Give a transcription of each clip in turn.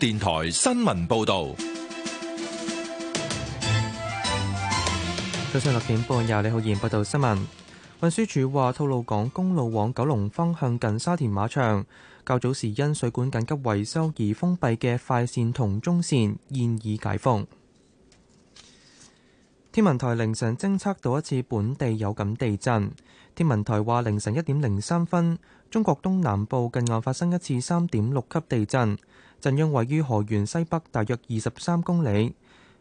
電台新聞報道，早上六點半由李浩賢報道新聞。運輸署話，吐露港公路往九龍方向近沙田馬場，較早時因水管緊急維修而封閉嘅快線同中線現已解封。天文台凌晨偵測到一次本地有感地震。天文台話，凌晨一點零三分，中國東南部近岸發生一次三點六級地震。震央位於河源西北，大約二十三公里。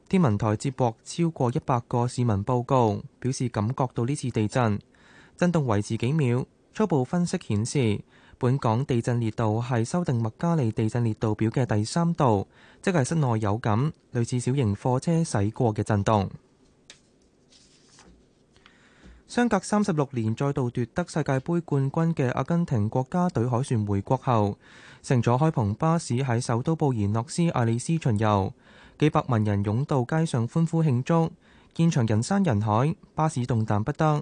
天文台接獲超過一百個市民報告，表示感覺到呢次地震。震動維持幾秒。初步分析顯示，本港地震烈度係修訂麥加利地震烈度表嘅第三度，即係室內有感，類似小型貨車駛過嘅震動。相隔三十六年再度奪得世界盃冠軍嘅阿根廷國家隊海船回國後，乘咗開篷巴士喺首都布宜諾斯艾利斯巡遊，幾百萬人擁到街上歡呼慶祝，現場人山人海，巴士動彈不得。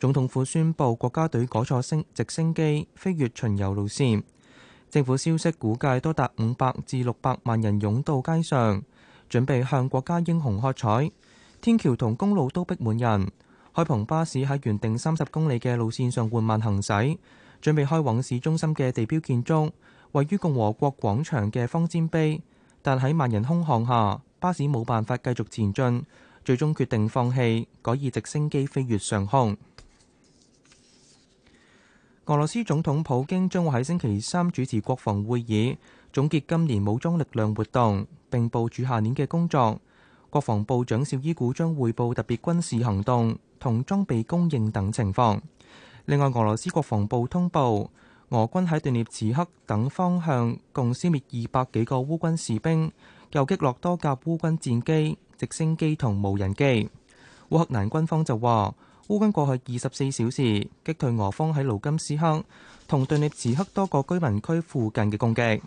總統府宣布國家隊改坐升直升機飛越巡遊路線。政府消息估計多達五百至六百萬人擁到街上，準備向國家英雄喝彩。天橋同公路都逼滿人，開篷巴士喺原定三十公里嘅路線上緩慢行駛，準備開往市中心嘅地標建築。位於共和國廣場嘅方尖碑，但喺萬人空巷下，巴士冇辦法繼續前進，最終決定放棄，改以直升機飛越上空。俄羅斯總統普京將會喺星期三主持國防會議，總結今年武裝力量活動並部署下年嘅工作。國防部長紹伊古將彙報特別軍事行動同裝備供應等情況。另外，俄羅斯國防部通報。俄軍喺頓涅茨克等方向共殲滅二百幾個烏軍士兵，又擊落多架烏軍戰機、直升機同無人機。烏克蘭軍方就話，烏軍過去二十四小時擊退俄方喺盧金斯克同頓涅茨克多個居民區附近嘅攻擊。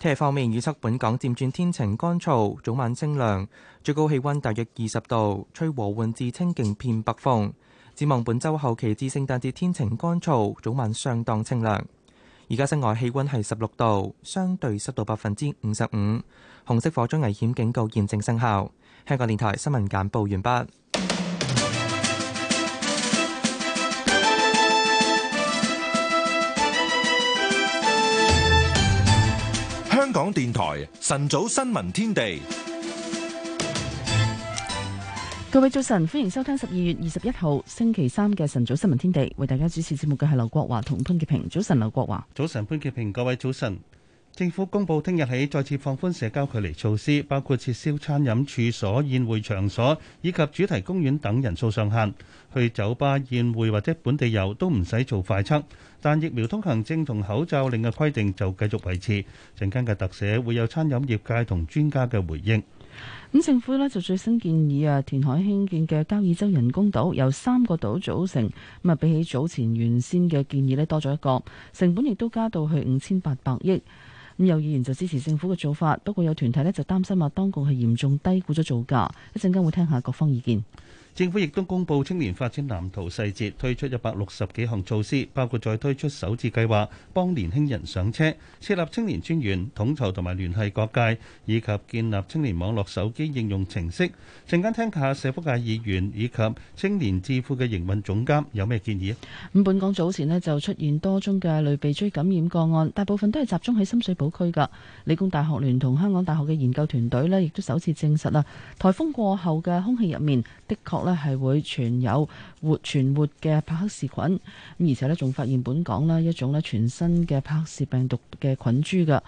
聽日方面預測，本港漸轉天晴乾燥，早晚清涼，最高氣温大約二十度，吹和緩至清勁偏北風。展望本周後期至聖誕節天晴乾燥，早晚相當清涼。而家室外氣温係十六度，相對濕度百分之五十五。紅色火災危險警告現正生效。香港電台新聞簡報完畢。香港電台晨早新聞天地。各位早晨，歡迎收聽十二月二十一號星期三嘅晨早新聞天地。為大家主持節目嘅係劉國華同潘潔平。早晨，劉國華。早晨，潘潔平。各位早晨。政府公布聽日起再次放寬社交距離措施，包括撤銷餐飲處所、宴會場所以及主題公園等人數上限。去酒吧、宴會或者本地遊都唔使做快測，但疫苗通行證同口罩令嘅規定就繼續維持。陣間嘅特寫會有餐飲業界同專家嘅回應。咁政府咧就最新建議啊，填海興建嘅交椅洲人工島由三個島組成，咁啊比起早前原先嘅建議咧多咗一個，成本亦都加到去五千八百億。咁有議員就支持政府嘅做法，不過有團體咧就擔心啊，當局係嚴重低估咗造價。一陣間會聽下各方意見。政府亦都公布青年發展藍圖細節，推出一百六十幾項措施，包括再推出首置計劃，幫年輕人上車，設立青年專員統籌同埋聯繫各界，以及建立青年網絡手機應用程式。陣間聽下社福界議員以及青年智庫嘅營運總監有咩建議啊？咁本港早前呢就出現多宗嘅類鼻疽感染個案，大部分都係集中喺深水埗區㗎。理工大學聯同香港大學嘅研究團隊呢亦都首次證實啦，颱風過後嘅空氣入面，的確咧係會存有活存活嘅帕克氏菌，咁而且咧仲發現本港咧一種咧全新嘅帕克氏病毒嘅菌株噶，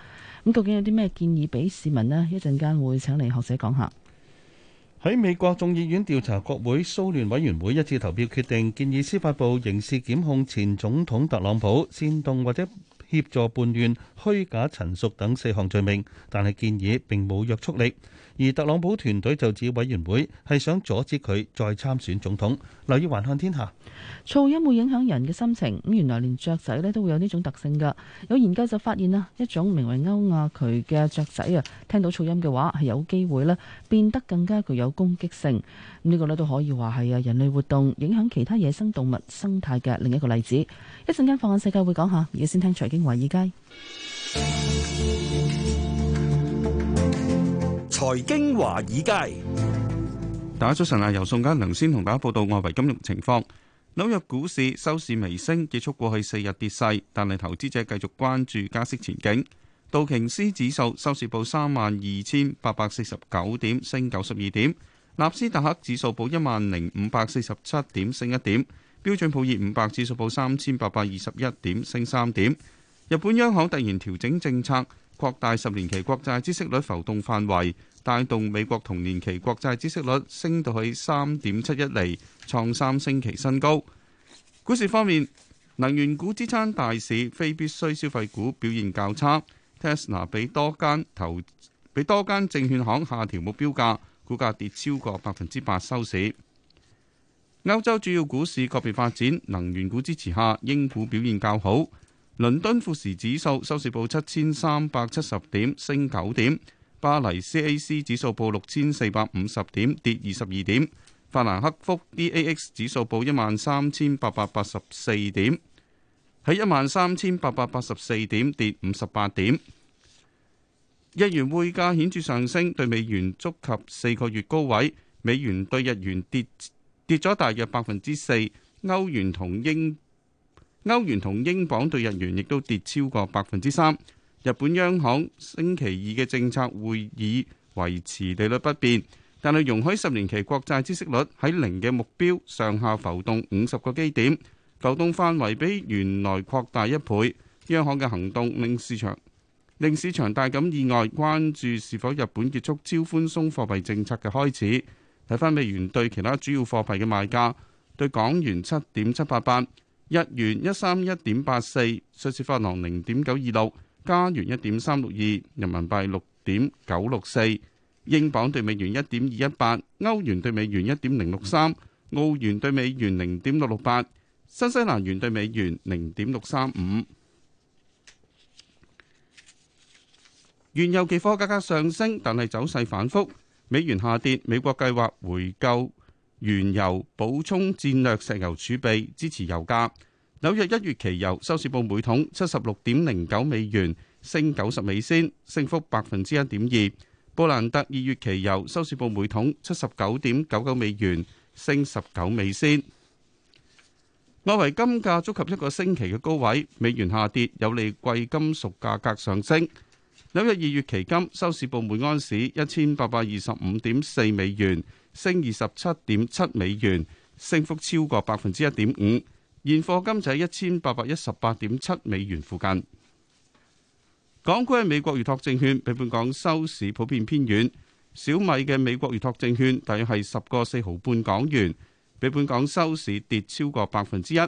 咁究竟有啲咩建議俾市民呢？一陣間會請嚟學者講下。喺美國眾議院調查國會騷亂委員會一致投票決定，建議司法部刑事檢控前總統特朗普煽動或者協助叛亂、虛假陳述等四項罪名，但係建議並冇約束力。而特朗普團隊就指委員會係想阻止佢再參選總統。留意，環看天下，噪音會影響人嘅心情。咁原來連雀仔咧都會有呢種特性㗎。有研究就發現啊，一種名為歐亞鴝嘅雀仔啊，聽到噪音嘅話係有機會咧變得更加具有攻擊性。呢、呢個咧都可以話係啊人類活動影響其他野生動物生態嘅另一個例子。一陣間放眼世界會講下，而家先聽財經華爾街。財經華爾街，大家早晨啊！由宋嘉良先同大家報道外圍金融情況。紐約股市收市微升，結束過去四日跌勢，但係投資者繼續關注加息前景。道瓊斯指數收市報三萬二千八百四十九點，升九十二點；納斯達克指數報一萬零五百四十七點，升一點；標準普爾五百指數報三千八百二十一點，升三點。日本央行突然調整政策。擴大十年期國債孳息率浮動範圍，帶動美國同年期國債孳息率升到去三點七一厘，創三星期新高。股市方面，能源股支撐大市，非必需消費股表現較差。Tesla 畀多間投畀多間證券行下調目標價，股價跌超過百分之八收市。歐洲主要股市個別發展，能源股支持下，英股表現較好。倫敦富時指數收市報七千三百七十點，升九點；巴黎 CAC 指數報六千四百五十點，跌二十二點；法蘭克福 DAX 指數報一萬三千八百八十四點，喺一萬三千八百八十四點，跌五十八點。日元匯價顯著上升，對美元觸及四個月高位，美元對日元跌跌咗大約百分之四，歐元同英。歐元同英鎊對日元亦都跌超過百分之三。日本央行星期二嘅政策會議維持利率不變，但係容許十年期國債孳息率喺零嘅目標上下浮動五十個基點，浮動範圍比原來擴大一倍。央行嘅行動令市場令市場大感意外，關注是否日本結束超寬鬆貨幣政策嘅開始。睇返美元對其他主要貨幣嘅賣價，對港元七點七八八。日元一三一點八四，瑞士法郎零點九二六，加元一點三六二，人民幣六點九六四，英鎊對美元一點二一八，歐元對美元一點零六三，澳元對美元零點六六八，新西蘭元對美元零點六三五。原油期貨價格上升，但係走勢反覆，美元下跌，美國計劃回購。原油補充戰略石油儲備，支持油價。紐約一月期油收市報每桶七十六點零九美元，升九十美仙，升幅百分之一點二。布蘭特二月期油收市報每桶七十九點九九美元，升十九美仙。外圍金價觸及一個星期嘅高位，美元下跌，有利貴金屬價格上升。紐約二月期金收市報每安士一千八百二十五點四美元。升二十七點七美元，升幅超過百分之一點五。現貨金就喺一千八百一十八點七美元附近。港股嘅美國預託證券比本港收市普遍偏軟。小米嘅美國預託證券大約係十個四毫半港元，比本港收市跌超過百分之一。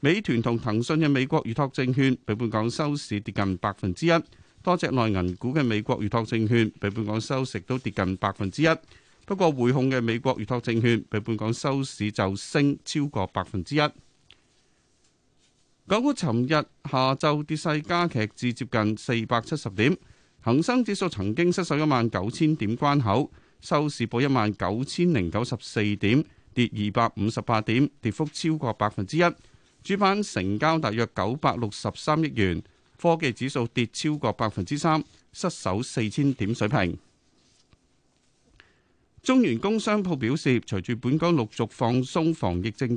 美團同騰訊嘅美國預託證券比本港收市跌近百分之一。多隻內銀股嘅美國預託證券比本港收市都跌近百分之一。不過，匯控嘅美國預託證券比本港收市就升超過百分之一。港股尋日下晝跌勢加劇至接近四百七十點，恒生指數曾經失守一萬九千點關口，收市報一萬九千零九十四點，跌二百五十八點，跌幅超過百分之一。主板成交大約九百六十三億元，科技指數跌超過百分之三，失守四千點水平。中原工商鋪表示，隨住本港陸續放鬆防疫政，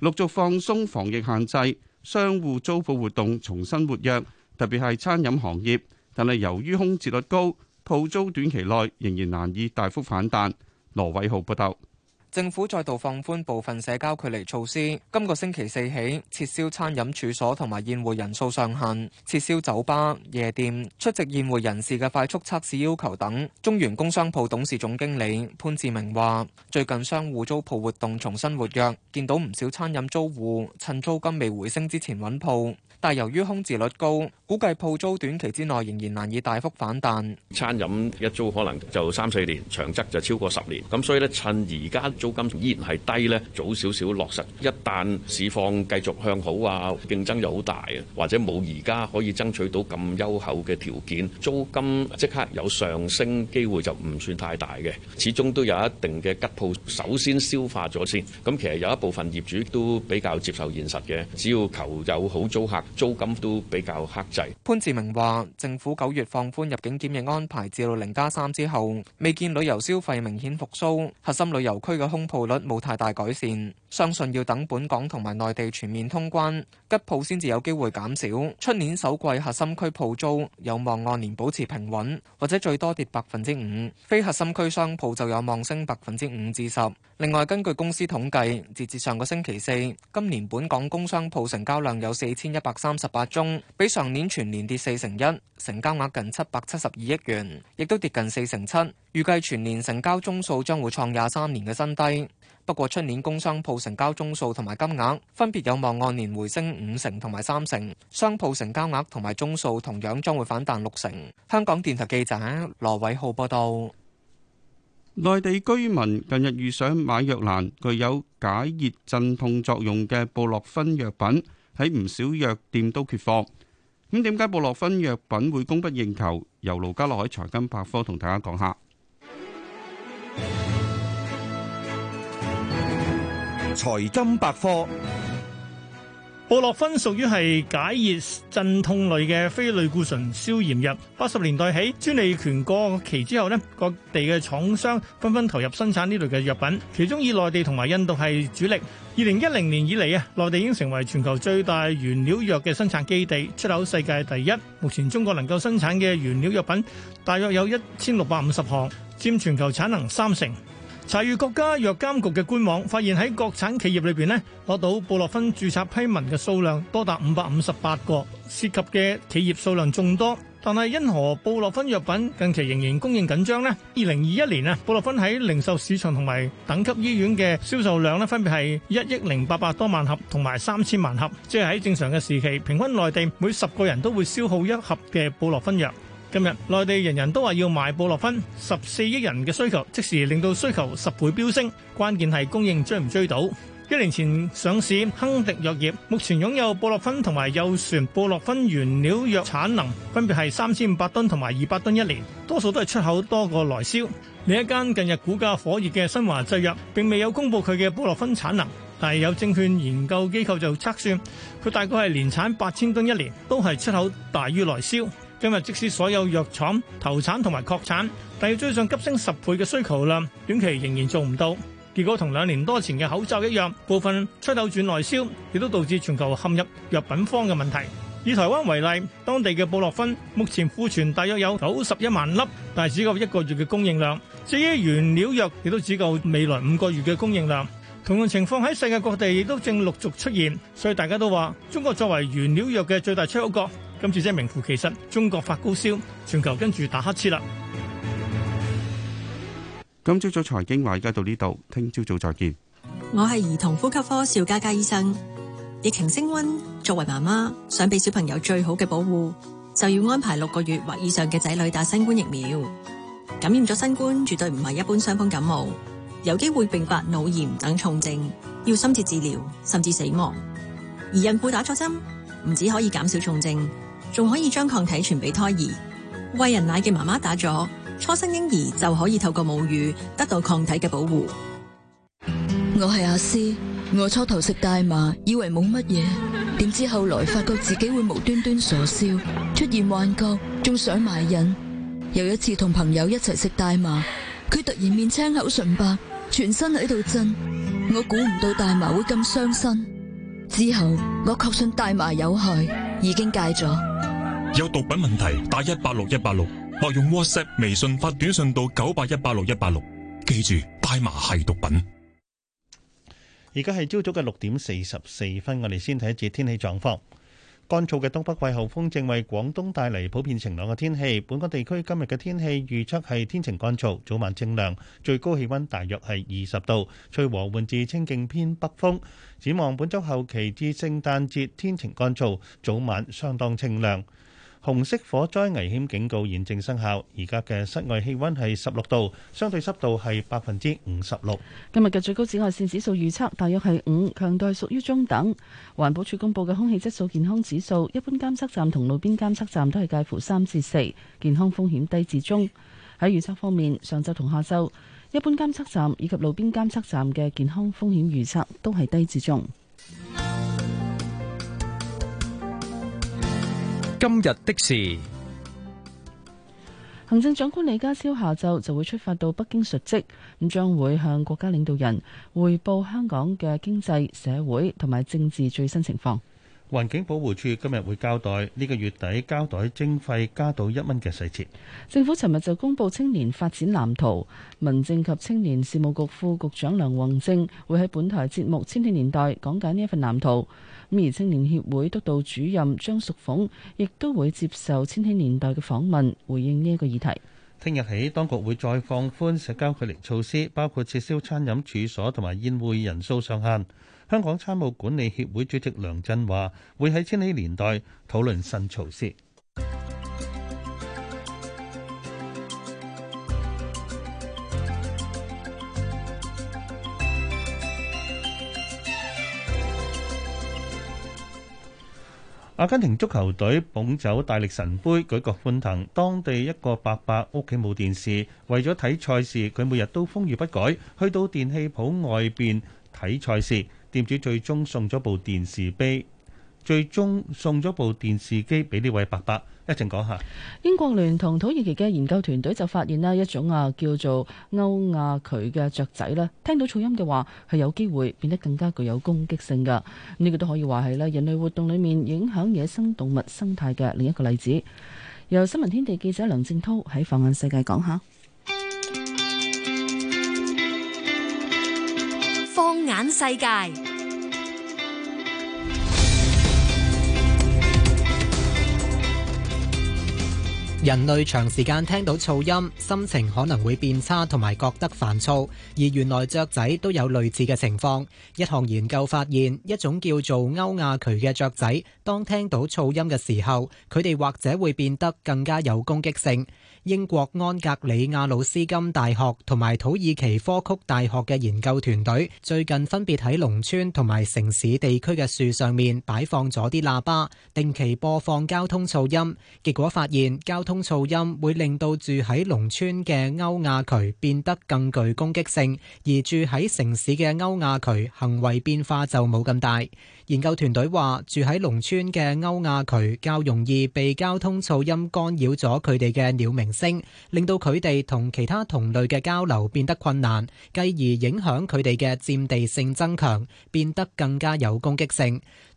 陸續放鬆防疫限制，商戶租鋪活動重新活躍，特別係餐飲行業。但係由於空置率高，鋪租短期內仍然難以大幅反彈。羅偉浩報道。政府再度放寬部分社交距離措施，今個星期四起撤銷餐飲處所同埋宴會人數上限，撤銷酒吧、夜店、出席宴會人士嘅快速測試要求等。中原工商鋪董事總經理潘志明話，最近商戶租鋪活動重新活躍，見到唔少餐飲租戶趁租金未回升之前揾鋪。但由於空置率高，估計鋪租短期之內仍然難以大幅反彈。餐飲一租可能就三四年，長則就超過十年。咁所以呢，趁而家租金依然係低呢，早少少落實。一旦市況繼續向好啊，競爭又好大啊，或者冇而家可以爭取到咁優厚嘅條件，租金即刻有上升機會就唔算太大嘅。始終都有一定嘅吉鋪，首先消化咗先。咁其實有一部分業主都比較接受現實嘅，只要求有好租客。租金都比較克制。潘志明話：政府九月放寬入境檢疫安排至到零加三之後，未見旅遊消費明顯復甦，核心旅遊區嘅空鋪率冇太大改善。相信要等本港同埋內地全面通關，吉鋪先至有機會減少。出年首季核心區鋪租，有望按年保持平穩，或者最多跌百分之五。非核心區商鋪就有望升百分之五至十。另外，根據公司統計，截至上個星期四，今年本港工商鋪成交量有四千一百三十八宗，比上年全年跌四成一，成交額近七百七十二億元，亦都跌近四成七。預計全年成交宗數將會創廿三年嘅新低。不過，出年工商鋪成交宗數同埋金額分別有望按年回升五成同埋三成，商鋪成交額同埋宗數同樣將會反彈六成。香港電台記者羅偉浩報道。內地居民近日遇上買藥難，具有解熱鎮痛作用嘅布洛芬藥品喺唔少藥店都缺貨。咁點解布洛芬藥品會供不應求？由盧家樂喺財金百科同大家講下。財金百科，布洛芬屬於係解熱鎮痛類嘅非類固醇消炎藥。八十年代起，專利權過期之後咧，各地嘅廠商紛紛投入生產呢類嘅藥品，其中以內地同埋印度係主力。二零一零年以嚟啊，內地已經成為全球最大原料藥嘅生產基地，出口世界第一。目前中國能夠生產嘅原料藥品大約有一千六百五十項，佔全球產能三成。查閱國家藥監局嘅官網，發現喺國產企業裏邊呢攞到布洛芬註冊批文嘅數量多達五百五十八個，涉及嘅企業數量眾多。但係因何布洛芬藥品近期仍然供應緊張呢？二零二一年啊，布洛芬喺零售市場同埋等級醫院嘅銷售量呢，分別係一億零八百多萬盒同埋三千萬盒，即係喺正常嘅時期，平均內地每十個人都會消耗一盒嘅布洛芬藥。今日，內地人人都話要買布洛芬，十四億人嘅需求，即時令到需求十倍飆升。關鍵係供應追唔追到。一年前上市，亨迪藥業,業目前擁有布洛芬同埋右旋布洛芬原料藥產能，分別係三千五百噸同埋二百噸一年，多數都係出口多過內銷。另一間近日股價火熱嘅新華製藥，並未有公佈佢嘅布洛芬產能，但係有證券研究機構就測算，佢大概係年產八千噸一年，都係出口大於內銷。今日即使所有藥廠投產同埋擴產，但要追上急升十倍嘅需求量，短期仍然做唔到。結果同兩年多前嘅口罩一樣，部分出口轉內銷，亦都導致全球陷入藥品荒嘅問題。以台灣為例，當地嘅布洛芬目前庫存大約有九十一萬粒，但係只夠一個月嘅供應量。至於原料藥，亦都只夠未來五個月嘅供應量。同樣情況喺世界各地亦都正陸續出現，所以大家都話中國作為原料藥嘅最大出口國。今次真係名副其實，中國發高燒，全球跟住打乞嗤啦。今朝早財經話而家到呢度，聽朝早再見。我係兒童呼吸科邵嘉嘉醫生。疫情升温，作為媽媽想俾小朋友最好嘅保護，就要安排六個月或以上嘅仔女打新冠疫苗。感染咗新冠，絕對唔係一般傷風感冒，有機會併發腦炎等重症，要深切治療，甚至死亡。而孕婦打咗針，唔止可以減少重症。仲可以將抗體傳俾胎兒，餵人奶嘅媽媽打咗，初生嬰兒就可以透過母乳得到抗體嘅保護。我係阿詩，我初頭食大麻，以為冇乜嘢，點知後來發覺自己會無端端傻笑，出現幻覺，仲上埋癮。有一次同朋友一齊食大麻，佢突然面青口唇白，全身喺度震，我估唔到大麻會咁傷身。之後我確信大麻有害，已經戒咗。有毒品問題，打一八六一八六或用 WhatsApp、微信發短信到九八一八六一八六。記住，大麻係毒品。而家係朝早嘅六點四十四分，我哋先睇一節天氣狀況。乾燥嘅東北季候風正為廣東帶嚟，普遍晴朗嘅天氣。本港地區今日嘅天氣預測係天晴乾燥，早晚清涼，最高氣温大約係二十度，吹和緩至清勁偏北風。展望本周後期至聖誕節，天晴乾燥，早晚相當清涼。紅色火災危險警告現正生效，而家嘅室外氣溫係十六度，相對濕度係百分之五十六。今日嘅最高紫外線指數預測大約係五，強度係屬於中等。環保署公布嘅空氣質素健康指數，一般監測站同路邊監測站都係介乎三至四，健康風險低至中。喺預測方面，上晝同下晝，一般監測站以及路邊監測站嘅健康風險預測都係低至中。今日的事，行政長官李家超下晝就會出發到北京述職，咁將會向國家領導人匯報香港嘅經濟、社會同埋政治最新情況。環境保護署今日會交代呢、這個月底交代徵費加到一蚊嘅細節。政府尋日就公布青年發展藍圖，民政及青年事務局副局長梁宏正會喺本台節目《千禧年代》講解呢一份藍圖。而青年協會督導主任張淑鳳亦都會接受千禧年代嘅訪問，回應呢一個議題。聽日起，當局會再放寬社交距離措施，包括撤銷餐飲處所同埋宴會人數上限。香港餐務管理協會主席梁振華會喺千禧年代討論新措施。阿根廷足球隊捧走大力神杯，舉國歡騰，當地一個伯伯屋企冇電視，為咗睇賽事，佢每日都風雨不改，去到電器鋪外邊睇賽事。店主最終送咗部電視機。最終送咗部電視機俾呢位伯伯，一陣講下。英國聯同土耳其嘅研究團隊就發現啦，一種啊叫做歐亞渠嘅雀仔咧，聽到噪音嘅話，係有機會變得更加具有攻擊性嘅。呢個都可以話係啦，人類活動裏面影響野生動物生態嘅另一個例子。由新聞天地記者梁正濤喺放眼世界講下。放眼世界。人類長時間聽到噪音，心情可能會變差，同埋覺得煩躁。而原來雀仔都有類似嘅情況。一項研究發現，一種叫做歐亞鴝嘅雀仔，當聽到噪音嘅時候，佢哋或者會變得更加有攻擊性。英國安格里亞魯斯金大學同埋土耳其科曲大學嘅研究團隊最近分別喺農村同埋城市地區嘅樹上面擺放咗啲喇叭，定期播放交通噪音。結果發現，交通噪音會令到住喺農村嘅歐亞鴝變得更具攻擊性，而住喺城市嘅歐亞鴝行為變化就冇咁大。研究團隊話：住喺農村嘅歐亞鴝較容易被交通噪音干擾咗佢哋嘅鳥鳴聲，令到佢哋同其他同類嘅交流變得困難，繼而影響佢哋嘅佔地性增強，變得更加有攻擊性。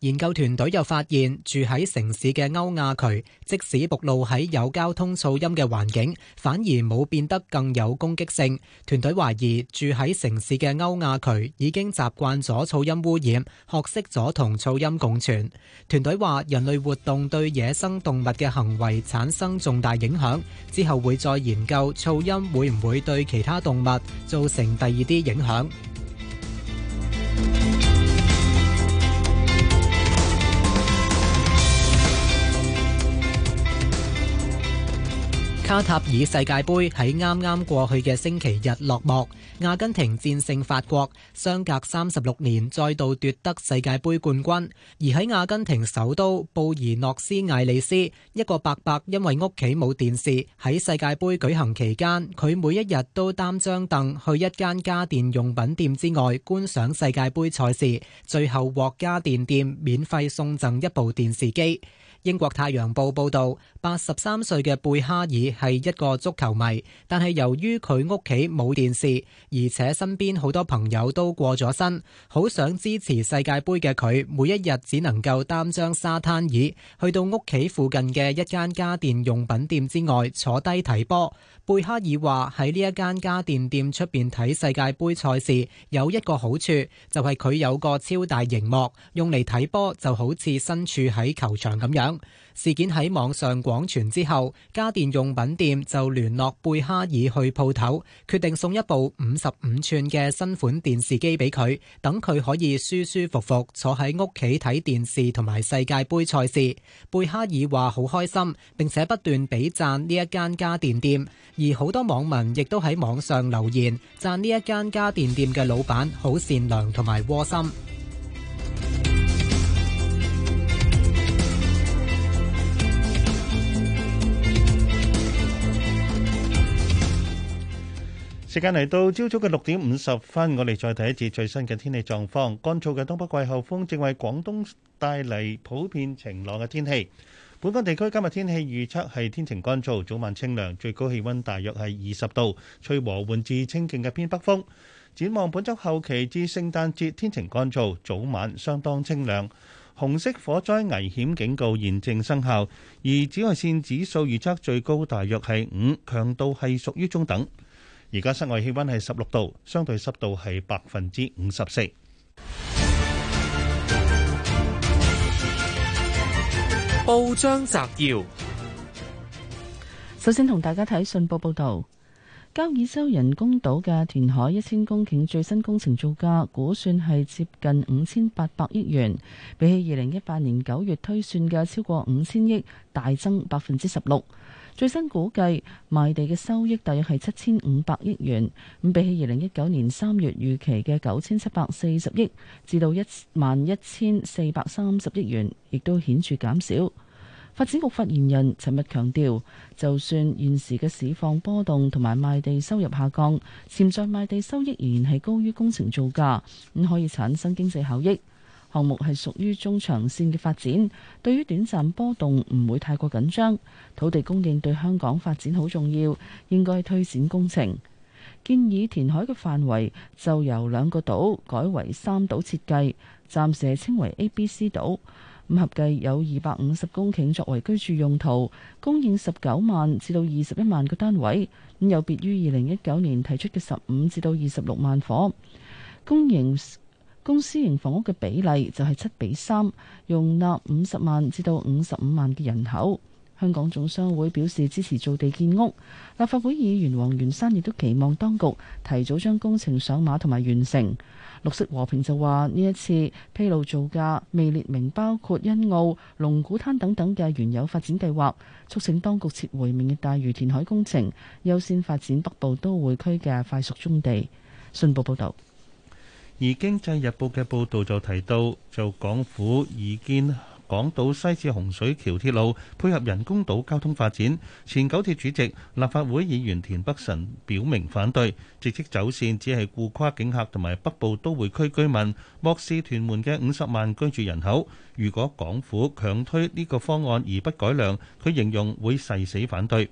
研究團隊又發現，住喺城市嘅歐亞鴝，即使暴露喺有交通噪音嘅環境，反而冇變得更有攻擊性。團隊懷疑，住喺城市嘅歐亞鴝已經習慣咗噪音污染，學識咗同噪音共存。團隊話，人類活動對野生動物嘅行為產生重大影響，之後會再研究噪音會唔會對其他動物造成第二啲影響。卡塔爾世界盃喺啱啱過去嘅星期日落幕，阿根廷戰勝法國，相隔三十六年再度奪得世界盃冠軍。而喺阿根廷首都布宜諾斯艾利斯，一個伯伯因為屋企冇電視，喺世界盃舉行期間，佢每一日都擔張凳去一間家、家電用品店之外觀賞世界盃賽事，最後獲家電店免費送贈一部電視機。英國太陽報報道，八十三歲嘅貝哈爾係一個足球迷，但係由於佢屋企冇電視，而且身邊好多朋友都過咗身，好想支持世界盃嘅佢，每一日只能夠擔張沙灘椅去到屋企附近嘅一間家電用品店之外坐低睇波。貝哈爾話喺呢一間家電店出邊睇世界盃賽事有一個好處，就係佢有個超大熒幕，用嚟睇波就好似身處喺球場咁樣。事件喺網上廣傳之後，家電用品店就聯絡貝哈爾去鋪頭決定送一部五十五寸嘅新款電視機俾佢，等佢可以舒舒服服坐喺屋企睇電視同埋世界杯賽事。貝哈爾話好開心，並且不斷俾讚呢一間家電店，而好多網民亦都喺網上留言讚呢一間家電店嘅老闆好善良同埋窩心。時間嚟到朝早嘅六點五十分，我哋再睇一次最新嘅天氣狀況。乾燥嘅東北季候風正為廣東帶嚟普遍晴朗嘅天氣。本港地區今日天氣預測係天晴乾燥，早晚清涼，最高氣溫大約係二十度，吹和緩至清勁嘅偏北風。展望本周後期至聖誕節，天晴乾燥，早晚相當清涼。紅色火災危險警告現正生效，而紫外線指數預測最高大約係五，強度係屬於中等。而家室外氣溫係十六度，相對濕度係百分之五十四。報章摘要，首先同大家睇信報報道，交椅洲人工島嘅填海一千公頃最新工程造價估算係接近五千八百億元，比起二零一八年九月推算嘅超過五千億，大增百分之十六。最新估計賣地嘅收益大約係七千五百億元，咁比起二零一九年三月預期嘅九千七百四十億，至到一萬一千四百三十億元，亦都顯著減少。發展局發言人尋日強調，就算現時嘅市況波動同埋賣地收入下降，潛在賣地收益仍然係高於工程造價，咁可以產生經濟效益。項目係屬於中長線嘅發展，對於短暫波動唔會太過緊張。土地供應對香港發展好重要，應該推展工程。建議填海嘅範圍就由兩個島改為三島設計，暫時稱為 A、B、C 島。咁合計有二百五十公頃作為居住用途，供應十九萬至到二十一萬個單位。咁有別於二零一九年提出嘅十五至到二十六萬伙供應。公私營房屋嘅比例就係七比三，容納五十萬至到五十五萬嘅人口。香港總商會表示支持造地建屋。立法會議員黃元山亦都期望當局提早將工程上馬同埋完成。綠色和平就話：呢一次披露造價未列明，包括欣澳、龍鼓灘等等嘅原有發展計劃，促請當局撤回明日大嶼填海工程，優先發展北部都會區嘅快速棕地。信報報道。而《經濟日報》嘅報導就提到，就港府已建港島西至洪水橋鐵路，配合人工島交通發展。前九鐵主席、立法會議員田北辰表明反對，直接走線只係顧跨境客同埋北部都會區居民，漠視屯門嘅五十萬居住人口。如果港府強推呢個方案而不改良，佢形容會誓死反對。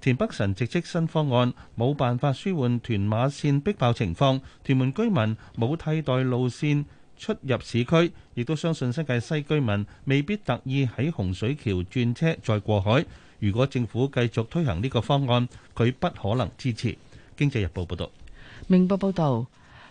田北辰直斥新方案冇辦法舒緩屯馬線逼爆情況，屯門居民冇替代路綫出入市區，亦都相信新界西居民未必特意喺洪水橋轉車再過海。如果政府繼續推行呢個方案，佢不可能支持。經濟日報報道，明報報道。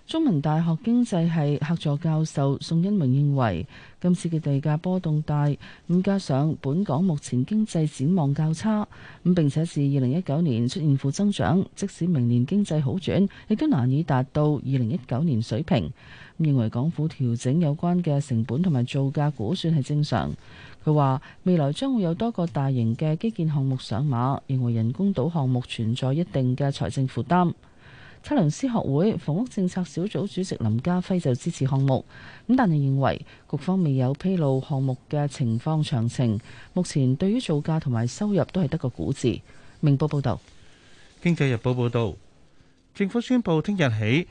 中文大學經濟系客座教授宋恩榮認為，今次嘅地價波動大，咁加上本港目前經濟展望較差，咁並且是二零一九年出現負增長，即使明年經濟好轉，亦都難以達到二零一九年水平。認為港府調整有關嘅成本同埋造價估算係正常。佢話未來將會有多個大型嘅基建項目上馬，認為人工島項目存在一定嘅財政負擔。測量師學會房屋政策小組主席林家輝就支持項目，咁但係認為局方未有披露項目嘅情況詳情，目前對於造價同埋收入都係得個估字。明報報道，《經濟日報》報道，政府宣布聽日起，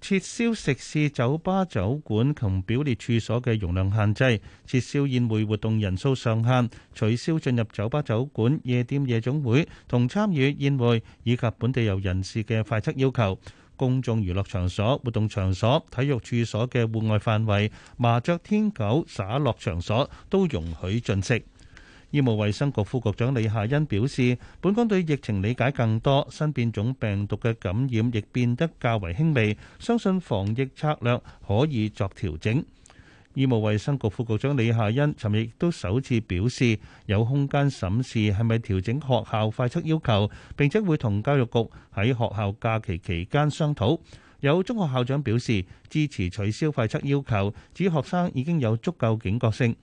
撤銷食肆、酒吧、酒館同表列處所嘅容量限制，撤銷宴會活動人數上限，取消進入酒吧、酒館、夜店、夜總會同參與宴會以及本地遊人士嘅快測要求。公眾娛樂場所、活動場所、體育處所嘅戶外範圍、麻雀天狗、耍樂場所都容許進食。醫務衛生局副局長李夏茵表示，本港對疫情理解更多，新變種病毒嘅感染亦變得較為輕微，相信防疫策略可以作調整。醫務衛生局副局長李夏茵尋日亦都首次表示，有空間審視係咪調整學校快測要求，並且會同教育局喺學校假期期間商討。有中學校長表示支持取消快測要求，指學生已經有足夠警覺性。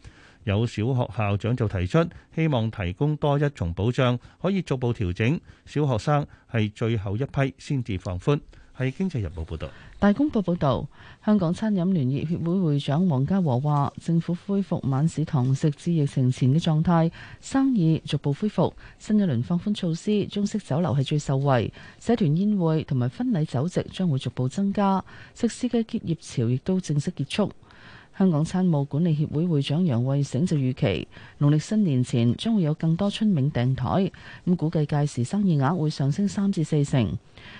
有小學校長就提出，希望提供多一重保障，可以逐步調整小學生係最後一批先至放寬。係《經濟日報》報導，《大公報》報導，香港餐飲聯業協會會長黃家和話，政府恢復晚市堂食至疫情前嘅狀態，生意逐步恢復。新一輪放寬措施，中式酒樓係最受惠，社團宴會同埋婚禮酒席將會逐步增加，食肆嘅結業潮亦都正式結束。香港餐務管理協會會長楊慧醒就預期，農曆新年前將會有更多春茗訂台，咁估計屆時生意額會上升三至四成。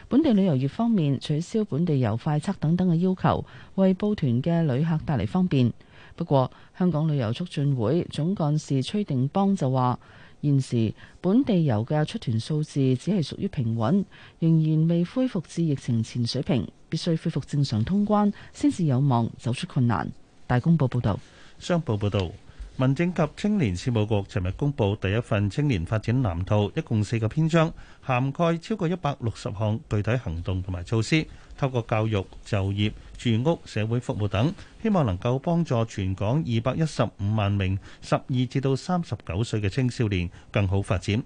本地旅遊業方面，取消本地遊快測等等嘅要求，為報團嘅旅客帶嚟方便。不過，香港旅遊促進會總幹事崔定邦就話，現時本地遊嘅出團數字只係屬於平穩，仍然未恢復至疫情前水平，必須恢復正常通關，先至有望走出困難。大公報報道，商報報道，民政及青年事務局尋日公布第一份青年發展藍圖，一共四個篇章，涵蓋超過一百六十項具體行動同埋措施，透過教育、就業、住屋、社會服務等，希望能夠幫助全港二百一十五萬名十二至到三十九歲嘅青少年更好發展。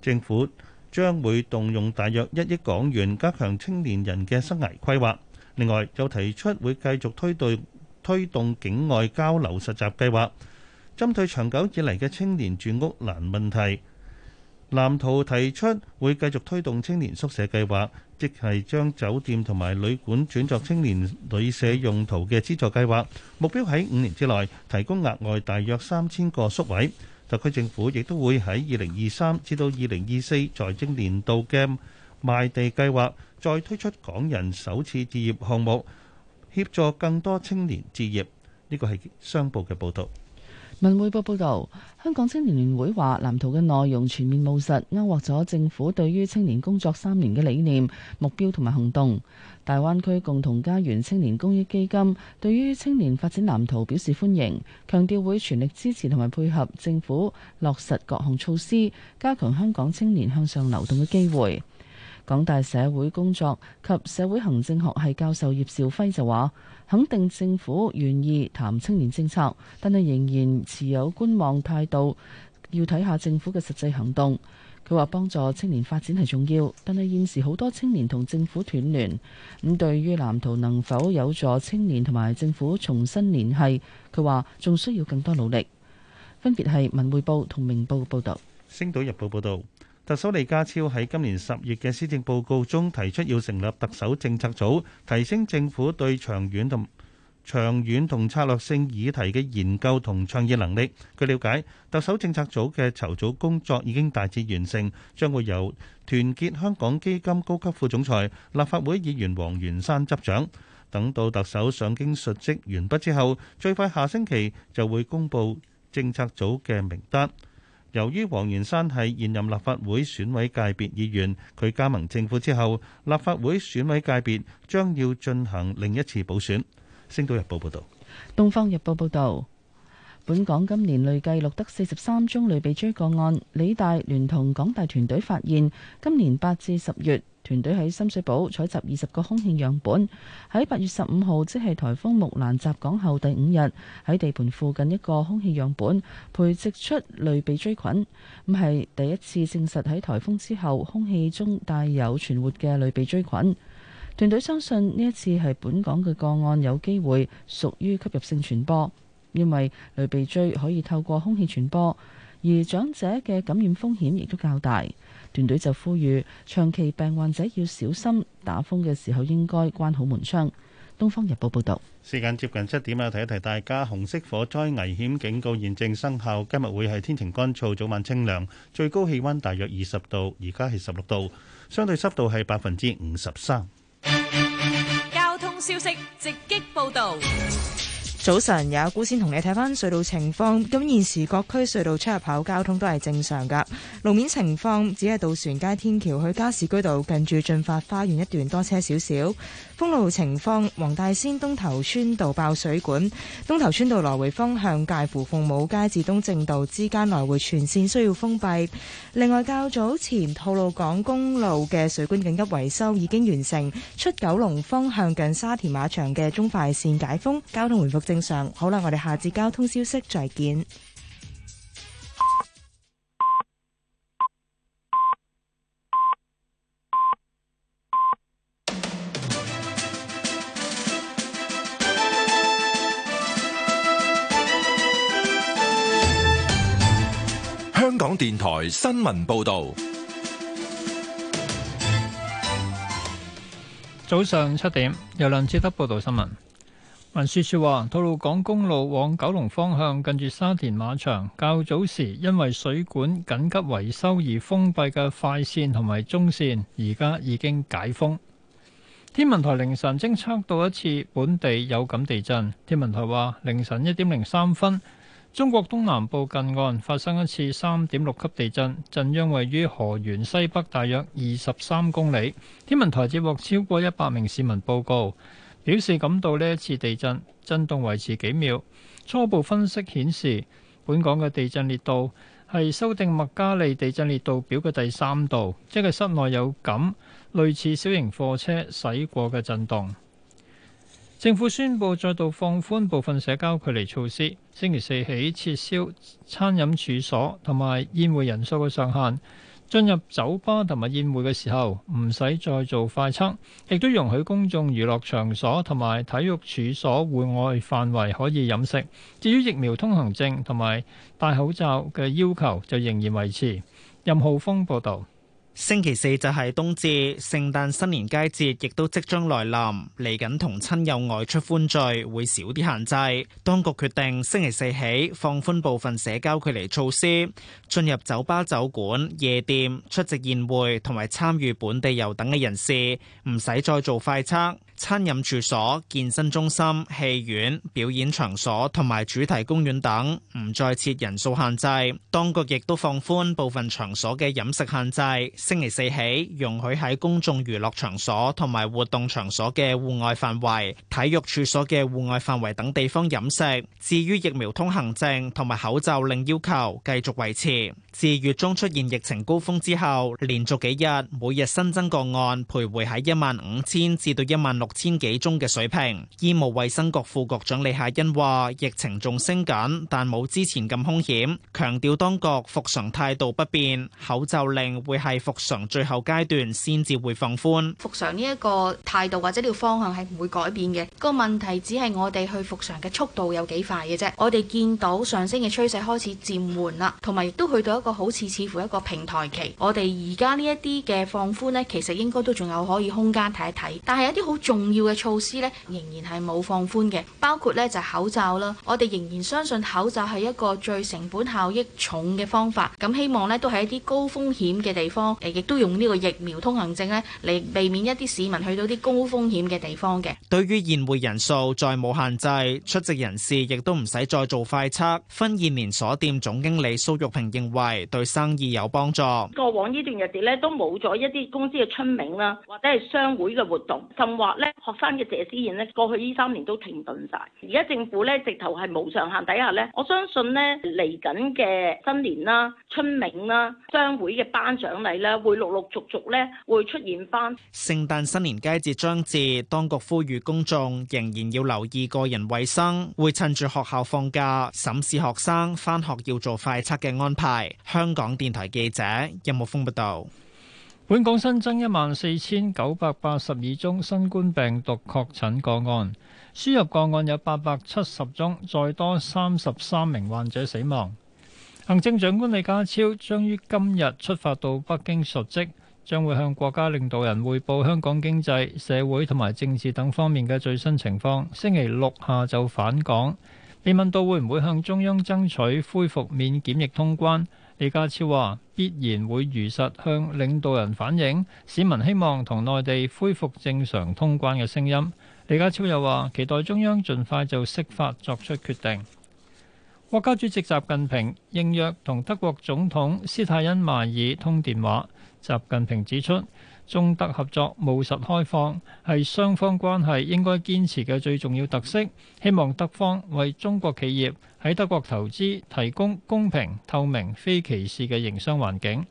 政府將會動用大約一億港元加強青年人嘅生涯規劃，另外又提出會繼續推對。推動境外交流實習計劃，針對長久以嚟嘅青年住屋難問題，藍圖提出會繼續推動青年宿舍計劃，即係將酒店同埋旅館轉作青年旅舍用途嘅資助計劃，目標喺五年之內提供額外大約三千個宿位。特區政府亦都會喺二零二三至到二零二四財政年度嘅賣地計劃，再推出港人首次置業項目。協助更多青年置業，呢個係商報嘅報導。文匯報報導，香港青年聯會話藍圖嘅內容全面務實，勾畫咗政府對於青年工作三年嘅理念、目標同埋行動。大灣區共同家園青年公益基金對於青年發展藍圖表示歡迎，強調會全力支持同埋配合政府落實各項措施，加強香港青年向上流動嘅機會。港大社會工作及社會行政學系教授葉兆輝就話：肯定政府願意談青年政策，但係仍然持有觀望態度，要睇下政府嘅實際行動。佢話幫助青年發展係重要，但係現時好多青年同政府斷聯。咁對於藍圖能否有助青年同埋政府重新聯繫，佢話仲需要更多努力。分別係文匯報同明報嘅報道。星島日報報道。特首李家超喺今年十月嘅施政報告中提出要成立特首政策組，提升政府對長遠同長遠同策略性議題嘅研究同創意能力。據瞭解，特首政策組嘅籌組工作已經大致完成，將會由團結香港基金高級副總裁、立法會議員黃元山執掌。等到特首上京述職完畢之後，最快下星期就會公布政策組嘅名單。由於黃元山係現任立法會選委界別議員，佢加盟政府之後，立法會選委界別將要進行另一次補選。《星島日報》報導，《東方日報》報導，本港今年累計錄得四十三宗類鼻疽個案。理大聯同港大團隊發現，今年八至十月。團隊喺深水埗採集二十個空氣樣本，喺八月十五號，即係颱風木蘭襲港後第五日，喺地盤附近一個空氣樣本培植出類鼻疽菌，咁係第一次證實喺颱風之後空氣中帶有存活嘅類鼻疽菌。團隊相信呢一次係本港嘅個案有機會屬於吸入性傳播，因為類鼻疽可以透過空氣傳播，而長者嘅感染風險亦都較大。團隊就呼籲長期病患者要小心打風嘅時候應該關好門窗。《東方日報》報導，時間接近七點啊，提一提大家紅色火災危險警告現正生效。今日會係天晴乾燥，早晚清涼，最高氣温大約二十度，而家係十六度，相對濕度係百分之五十三。交通消息直擊報導。早晨，有古先同你睇翻隧道情況。咁現時各區隧道出入口交通都係正常噶。路面情況只係渡船街天橋去加士居道近住駿發花園一段多車少少。公路情況，黃大仙東頭村道爆水管，東頭村道來回方向介乎鳳舞街至東正道之間來回全線需要封閉。另外，較早前吐露港公路嘅水管緊急維修已經完成，出九龍方向近沙田馬場嘅中快線解封，交通回復正常。好啦，我哋下次交通消息再見。香港電台新聞報道，早上七點，有梁志德報道新聞。運輸署話，吐露港公路往九龍方向，近住沙田馬場，較早時因為水管緊急維修而封閉嘅快線同埋中線，而家已經解封。天文台凌晨偵測到一次本地有感地震。天文台話，凌晨一點零三分，中國東南部近岸發生一次三點六級地震，震央位於河源西北大約二十三公里。天文台接獲超過一百名市民報告，表示感到呢一次地震震動維持幾秒。初步分析顯示，本港嘅地震烈度係修訂麥加利地震烈度表嘅第三度，即係室內有感，類似小型貨車駛過嘅震動。政府宣布，再度放寬部分社交距離措施，星期四起撤銷餐飲處所同埋宴會人數嘅上限。進入酒吧同埋宴會嘅時候唔使再做快測，亦都容許公眾娛樂場所同埋體育處所戶外範圍可以飲食。至於疫苗通行證同埋戴口罩嘅要求就仍然維持。任浩峰報道。星期四就係冬至，聖誕新年佳節亦都即將來臨，嚟緊同親友外出歡聚會少啲限制。當局決定星期四起放寬部分社交距離措施，進入酒吧、酒館、夜店、出席宴會同埋參與本地遊等嘅人士，唔使再做快測。餐飲處所、健身中心、戲院、表演場所同埋主題公園等，唔再設人數限制。當局亦都放寬部分場所嘅飲食限制。星期四起，容許喺公眾娛樂場所同埋活動場所嘅戶外範圍、體育處所嘅戶外範圍等地方飲食。至於疫苗通行證同埋口罩令要求，繼續維持。自月中出現疫情高峰之後，連續幾日每日新增個案徘徊喺一萬五千至到一萬六。千幾宗嘅水平，醫務衛生局副局長李夏欣話：疫情仲升緊，但冇之前咁兇險，強調當局復常態度不變，口罩令會係復常最後階段先至會放寬。復常呢一個態度或者呢個方向係唔會改變嘅，個問題只係我哋去復常嘅速度有幾快嘅啫。我哋見到上升嘅趨勢開始漸緩啦，同埋亦都去到一個好似似乎一個平台期。我哋而家呢一啲嘅放寬呢，其實應該都仲有可以空間睇一睇，但係一啲好重，重要嘅措施呢，仍然係冇放寬嘅，包括呢就係口罩啦。我哋仍然相信口罩係一個最成本效益重嘅方法。咁希望呢都係一啲高風險嘅地方，亦都用呢個疫苗通行證呢嚟避免一啲市民去到啲高風險嘅地方嘅。對於宴會人數再冇限制，出席人士亦都唔使再做快測。婚宴連鎖店總經理蘇玉平認為對生意有幫助。過往呢段日子呢都冇咗一啲公司嘅春茗啦，或者係商會嘅活動。甚或。咧學生嘅謝師宴咧，過去呢三年都停頓晒，而家政府咧直頭係無上限底下咧，我相信咧嚟緊嘅新年啦、春茗啦、商會嘅頒獎禮啦，會陸陸續續咧會出現翻。聖誕新年佳節將至，當局呼籲公眾仍然要留意個人衞生，會趁住學校放假審視學生返學要做快測嘅安排。香港電台記者任木風報道。本港新增一萬四千九百八十二宗新冠病毒確診個案，輸入個案有八百七十宗，再多三十三名患者死亡。行政長官李家超將於今日出發到北京述職，將會向國家領導人匯報香港經濟、社會同埋政治等方面嘅最新情況。星期六下晝返港，被問到會唔會向中央爭取恢復免檢疫通關？李家超話必然會如實向領導人反映市民希望同內地恢復正常通關嘅聲音。李家超又話期待中央盡快就釋法作出決定。國家主席習近平應約同德國總統施泰因邁爾通電話。習近平指出，中德合作務實開放係雙方關係應該堅持嘅最重要特色，希望德方為中國企業，喺德國投資，提供公平、透明、非歧視嘅營商環境。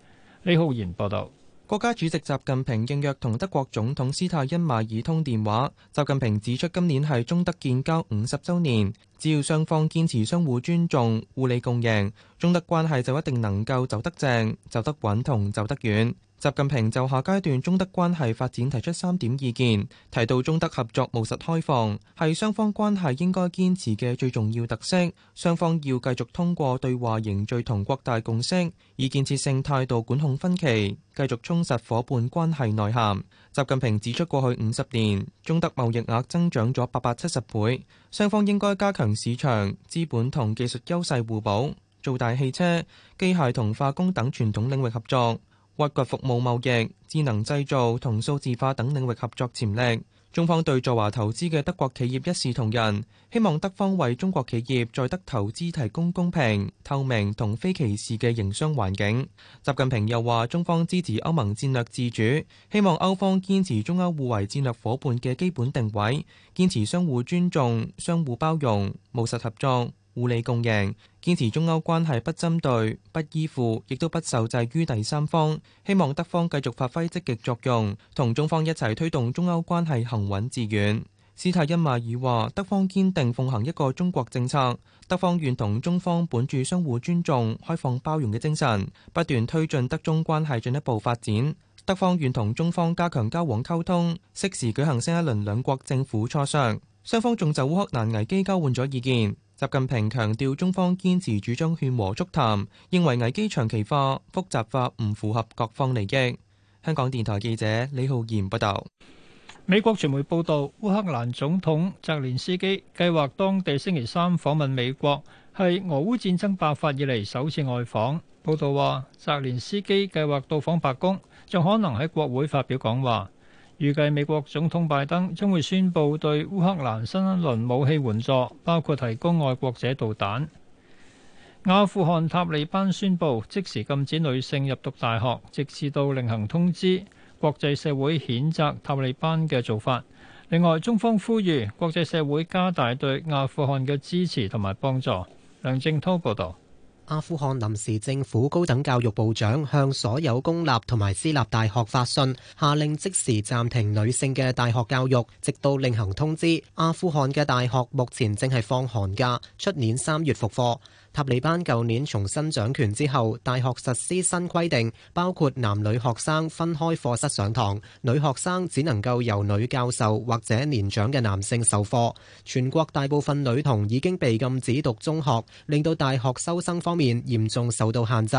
李浩然報導。國家主席習近平應約同德國總統施泰因邁爾通電話。習近平指出，今年係中德建交五十週年，只要雙方堅持相互尊重、互利共贏，中德關係就一定能夠走得正、走得穩同走得遠。習近平就下階段中德關係發展提出三點意見，提到中德合作務實開放係雙方關係應該堅持嘅最重要特色。雙方要繼續通過對話凝聚同擴大共識，以建設性態度管控分歧，繼續充實夥伴關係內涵。習近平指出，過去五十年中德貿易額增長咗八百七十倍，雙方應該加強市場、資本同技術優勢互補，做大汽車、機械同化工等傳統領域合作。挖掘服務貿易、智能製造同數字化等領域合作潛力，中方對在華投資嘅德國企業一視同仁，希望德方為中國企業在德投資提供公平、透明同非歧視嘅營商環境。習近平又話：中方支持歐盟戰略自主，希望歐方堅持中歐互為戰略夥伴嘅基本定位，堅持相互尊重、相互包容、務實合作、互利共贏，堅持中歐關係不針對、不依附，亦都不受制於第三方。希望德方繼續發揮積極作用，同中方一齊推動中歐關係行穩致遠。施泰因邁爾話：德方堅定奉行一個中國政策，德方願同中方本著相互尊重、開放包容嘅精神，不斷推進德中關係進一步發展。德方願同中方加強交往溝通，適時舉行新一輪兩國政府磋商。雙方仲就烏克蘭危機交換咗意見。習近平強調，中方堅持主張勸和促談，認為危機長期化、複雜化，唔符合各方利益。香港電台記者李浩然報道。美國傳媒報道，烏克蘭總統澤連斯基計劃當地星期三訪問美國，係俄烏戰爭爆發以嚟首次外訪。報道話，澤連斯基計劃到訪白宮，仲可能喺國會發表講話。預計美國總統拜登將會宣布對烏克蘭新一輪武器援助，包括提供愛國者導彈。阿富汗塔利班宣布即時禁止女性入讀大學，直至到另行通知。國際社會譴責塔利班嘅做法。另外，中方呼籲國際社會加大對阿富汗嘅支持同埋幫助。梁正滔報道。阿富汗臨時政府高等教育部長向所有公立同埋私立大學發信，下令即時暫停女性嘅大學教育，直到另行通知。阿富汗嘅大學目前正係放寒假，出年三月復課。塔利班舊年重新掌權之後，大學實施新規定，包括男女學生分開課室上堂，女學生只能夠由女教授或者年長嘅男性授課。全國大部分女童已經被禁止讀中學，令到大學收生方面嚴重受到限制。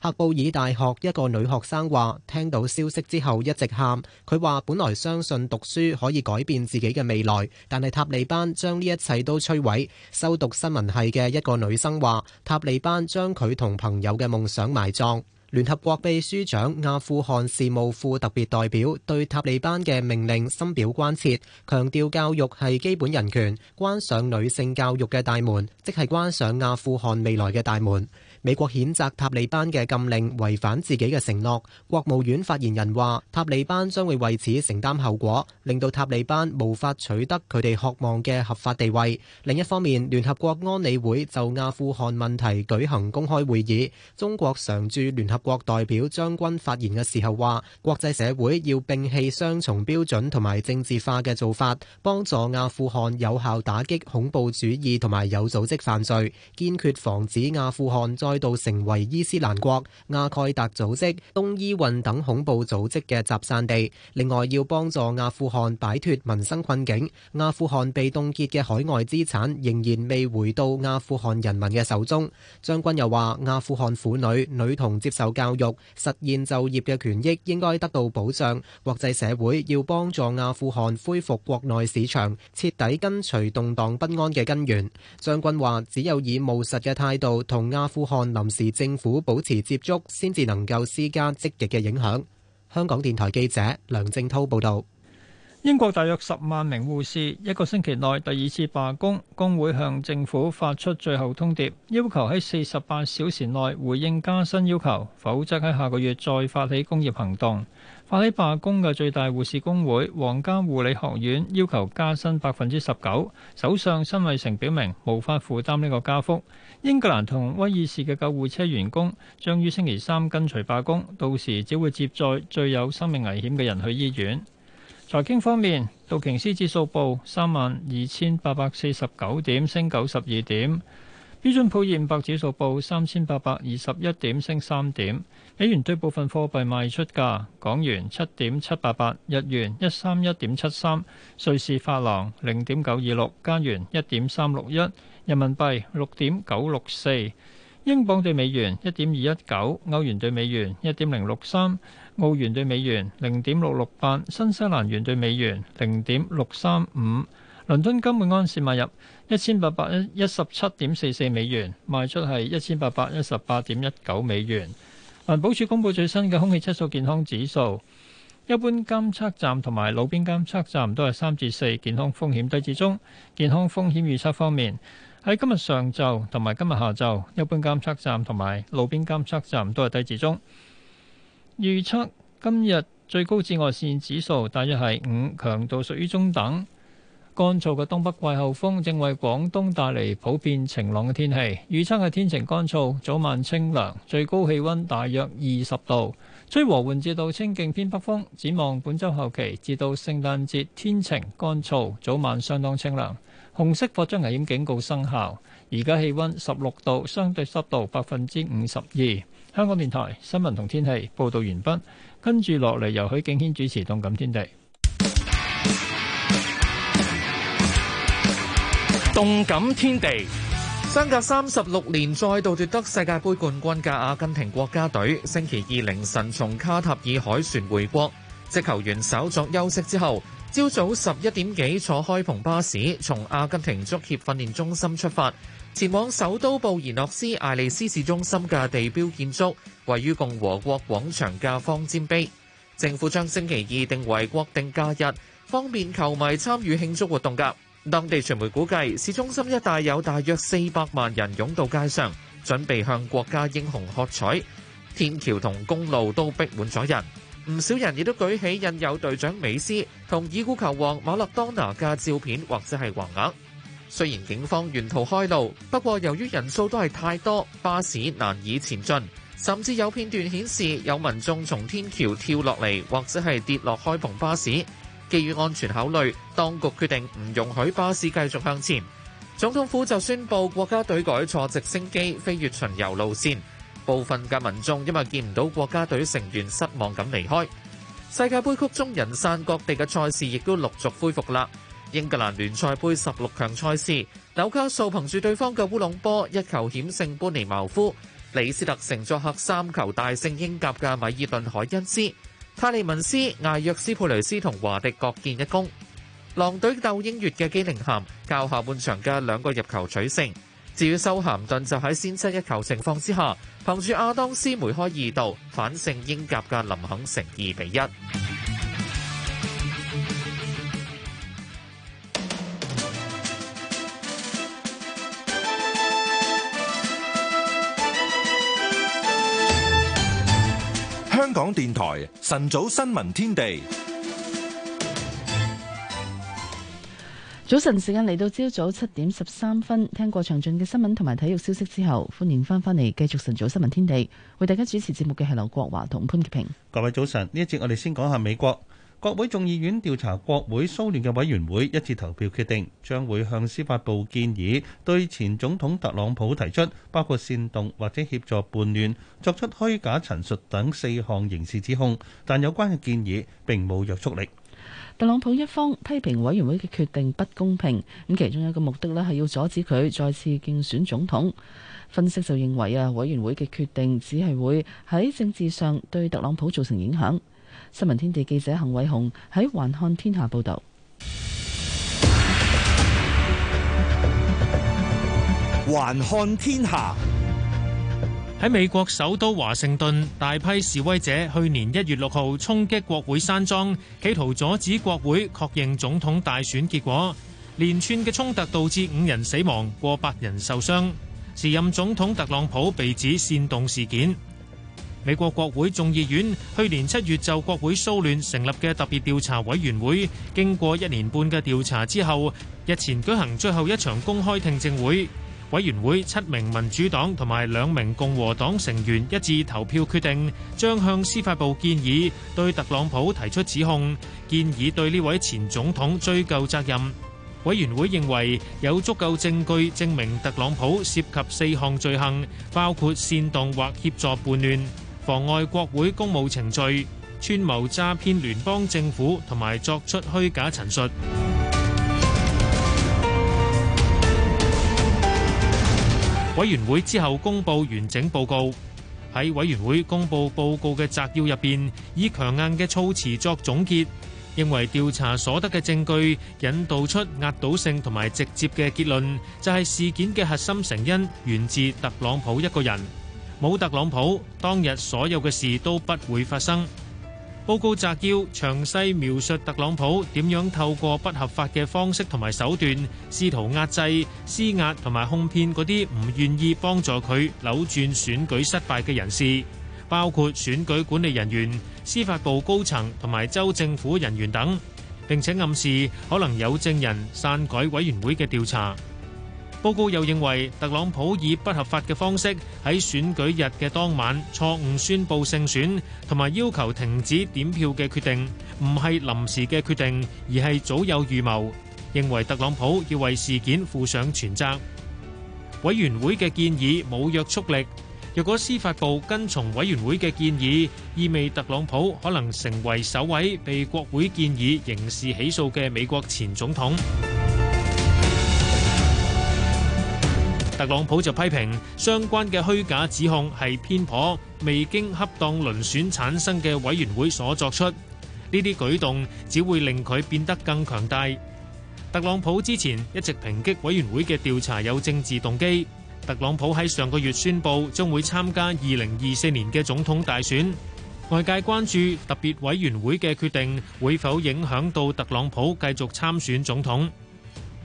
喀布爾大學一個女學生話：聽到消息之後一直喊，佢話本來相信讀書可以改變自己嘅未來，但係塔利班將呢一切都摧毀。修讀新聞系嘅一個女生話。塔利班將佢同朋友嘅夢想埋葬。聯合國秘書長阿富汗事務副特別代表對塔利班嘅命令深表關切，強調教育係基本人權，關上女性教育嘅大門，即係關上阿富汗未來嘅大門。美國譴責塔利班嘅禁令違反自己嘅承諾，國務院發言人話：塔利班將會為此承擔後果，令到塔利班無法取得佢哋渴望嘅合法地位。另一方面，聯合國安理會就阿富汗問題舉行公開會議。中國常駐聯合國代表張軍發言嘅時候話：國際社會要摒棄雙重標準同埋政治化嘅做法，幫助阿富汗有效打擊恐怖主義同埋有組織犯罪，堅決防止阿富汗再到成為伊斯蘭國、阿蓋達組織、東伊運等恐怖組織嘅集散地。另外，要幫助阿富汗擺脱民生困境。阿富汗被凍結嘅海外資產仍然未回到阿富汗人民嘅手中。將軍又話：阿富汗婦女、女童接受教育、實現就業嘅權益應該得到保障。國際社會要幫助阿富汗恢復國內市場，徹底根除動盪不安嘅根源。將軍話：只有以務實嘅態度同阿富汗。臨時政府保持接觸，先至能夠施加積極嘅影響。香港電台記者梁正滔報導，英國大約十萬名護士一個星期內第二次罷工，工會向政府發出最後通牒，要求喺四十八小時內回應加薪要求，否則喺下個月再發起工業行動。發起罷工嘅最大護士工會皇家護理學院要求加薪百分之十九。首相辛偉成表明無法負擔呢個加幅。英格蘭同威爾士嘅救護車員工將於星期三跟隨罷工，到時只會接載最有生命危險嘅人去醫院。財經方面，道瓊斯指數報三萬二千八百四十九點，升九十二點。標準普爾五百指數報三千八百二十一點，升三點。美元對部分貨幣賣出價：港元七點七八八，日元一三一點七三，瑞士法郎零點九二六，加元一點三六一，人民幣六點九六四，英鎊對美元一點二一九，歐元對美元一點零六三，澳元對美元零點六六八，新西蘭元對美元零點六三五。倫敦金本安線賣入一千八百一一十七點四四美元，賣出係一千八百一十八點一九美元。環保署公布最新嘅空氣質素健康指數，一般監測站同埋路邊監測站都係三至四，健康風險低至中。健康風險預測方面，喺今日上晝同埋今日下晝，一般監測站同埋路邊監測站都係低至中。預測今日最高紫外線指數大約係五，強度屬於中等。乾燥嘅東北季候風正為廣東帶嚟普遍晴朗嘅天氣，預測係天晴乾燥，早晚清涼，最高氣温大約二十度，吹和緩至到清勁偏北風。展望本週後期至到聖誕節，天晴乾燥，早晚相當清涼。紅色火災危險警告生效，而家氣温十六度，相對濕度百分之五十二。香港電台新聞同天氣報道完畢，跟住落嚟由許敬軒主持《動感天地》。動感天地，相隔三十六年再度奪得世界杯冠軍嘅阿根廷國家隊，星期二凌晨從卡塔爾海船回國。即球員稍作休息之後，朝早十一點幾坐開篷巴士從阿根廷足協訓練中心出發，前往首都布宜諾斯艾利斯市中心嘅地標建築，位於共和國廣場嘅方尖碑。政府將星期二定為國定假日，方便球迷參與慶祝活動㗎。當地傳媒估計，市中心一帶有大約四百萬人湧到街上，準備向國家英雄喝彩。天橋同公路都逼滿咗人，唔少人亦都舉起印有隊長美斯同已故球王馬勒當拿嘅照片或者係橫額。雖然警方沿途開路，不過由於人數都係太多，巴士難以前進，甚至有片段顯示有民眾從天橋跳落嚟，或者係跌落開篷巴士。基於安全考慮，當局決定唔容許巴士繼續向前。總統府就宣布國家隊改坐直升機飛越巡遊路線。部分嘅民眾因為見唔到國家隊成員，失望咁離開。世界杯曲終人散，各地嘅賽事亦都陸續恢復啦。英格蘭聯賽杯十六強賽事，紐卡素憑住對方嘅烏龍波一球險勝般尼茅夫。李斯特城作客三球大勝英甲嘅米爾頓凱恩斯。泰利文斯、艾約斯、佩雷斯同華迪各建一功，狼隊鬥英月嘅基寧咸教，下半場嘅兩個入球取勝。至於修咸頓就喺先失一球情況之下，憑住阿當斯梅開二度，反勝英甲嘅林肯城二比一。港電台晨早新聞天地，早晨時間嚟到朝早七點十三分，聽過詳盡嘅新聞同埋體育消息之後，歡迎翻返嚟繼續晨早新聞天地，為大家主持節目嘅係劉國華同潘潔平。各位早晨，呢一節我哋先講下美國。國會眾議院調查國會騷亂嘅委員會一致投票決定，將會向司法部建議對前總統特朗普提出包括煽動或者協助叛亂作出虛假陳述等四項刑事指控，但有關嘅建議並冇約束力。特朗普一方批評委員會嘅決定不公平，咁其中一個目的呢，係要阻止佢再次競選總統，分析就認為啊，委員會嘅決定只係會喺政治上對特朗普造成影響。新聞天地記者恒偉雄喺《還看天下》報道，《還看天下》喺美國首都華盛頓，大批示威者去年一月六號衝擊國會山莊，企圖阻止國會確認總統大選結果。連串嘅衝突導致五人死亡，過百人受傷。時任總統特朗普被指煽動事件。美國國會眾議院去年七月就國會騷亂成立嘅特別調查委員會，經過一年半嘅調查之後，日前舉行最後一場公開聽證會。委員會七名民主黨同埋兩名共和黨成員一致投票決定，將向司法部建議對特朗普提出指控，建議對呢位前總統追究責任。委員會認為有足夠證據證明特朗普涉及四項罪行，包括煽動或協助叛亂，妨礙國會公務程序、串謀詐騙聯邦政府同埋作出虛假陳述。 委員會之後公佈完整報告，喺委員會公佈報告嘅摘要入邊，以強硬嘅措辭作總結，認為調查所得嘅證據引導出壓倒性同埋直接嘅結論，就係事件嘅核心成因源自特朗普一個人。冇特朗普，當日所有嘅事都不會發生。報告摘要詳細描述特朗普點樣透過不合法嘅方式同埋手段，試圖壓制、施壓同埋控騙嗰啲唔願意幫助佢扭轉選舉失敗嘅人士，包括選舉管理人員、司法部高層同埋州政府人員等。並且暗示可能有證人篡改委員會嘅調查。報告又認為，特朗普以不合法嘅方式喺選舉日嘅當晚錯誤宣佈勝選，同埋要求停止點票嘅決定，唔係臨時嘅決定，而係早有預謀。認為特朗普要為事件負上全責。委員會嘅建議冇約束力。若果司法部跟從委員會嘅建議，意味特朗普可能成為首位被國會建議刑事起訴嘅美國前總統。特朗普就批評相關嘅虛假指控係偏頗、未經恰當輪選產生嘅委員會所作出，呢啲舉動只會令佢變得更強大。特朗普之前一直抨擊委員會嘅調查有政治動機。特朗普喺上個月宣布將會參加二零二四年嘅總統大選。外界關注特別委員會嘅決定會否影響到特朗普繼續參選總統。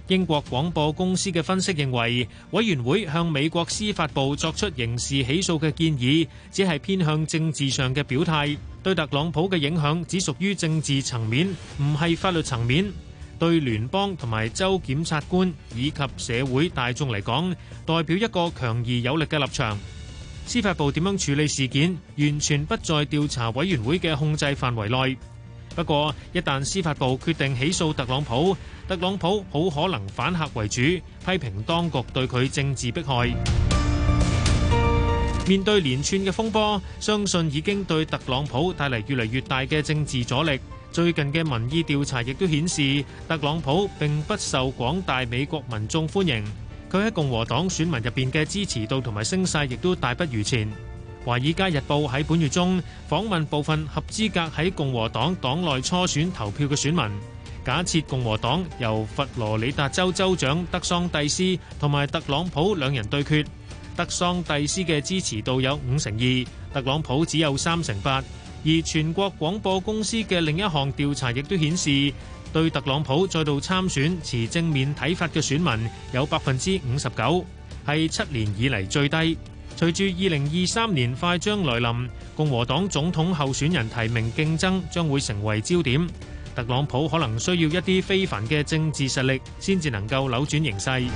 英國廣播公司嘅分析認為，委員會向美國司法部作出刑事起訴嘅建議，只係偏向政治上嘅表態，對特朗普嘅影響只屬於政治層面，唔係法律層面。對聯邦同埋州檢察官以及社會大眾嚟講，代表一個強而有力嘅立場。司法部點樣處理事件，完全不在調查委員會嘅控制範圍內。不過，一旦司法部決定起訴特朗普，特朗普好可能反客為主，批評當局對佢政治迫害。 面對連串嘅風波，相信已經對特朗普帶嚟越嚟越大嘅政治阻力。最近嘅民意調查亦都顯示，特朗普並不受廣大美國民眾歡迎。佢喺共和黨選民入邊嘅支持度同埋聲勢亦都大不如前。《華爾街日報》喺本月中訪問部分合資格喺共和黨黨內初選投票嘅選民，假設共和黨由佛羅里達州州長德桑蒂斯同埋特朗普兩人對決，德桑蒂斯嘅支持度有五成二，特朗普只有三成八。而全國廣播公司嘅另一項調查亦都顯示，對特朗普再度參選持正面睇法嘅選民有百分之五十九，係七年以嚟最低。隨住二零二三年快將來臨，共和黨總統候選人提名競爭將會成為焦點。特朗普可能需要一啲非凡嘅政治實力，先至能夠扭轉形勢。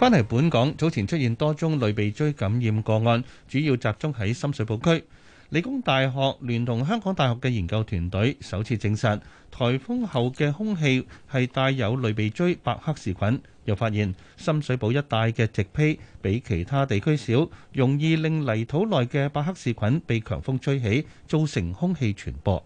翻嚟本港，早前出現多宗類鼻疽感染個案，主要集中喺深水埗區。理工大學聯同香港大學嘅研究團隊首次證實，颱風後嘅空氣係帶有類鼻疽伯克氏菌。又發現深水埗一帶嘅植被比其他地區少，容易令泥土內嘅伯克氏菌被強風吹起，造成空氣傳播。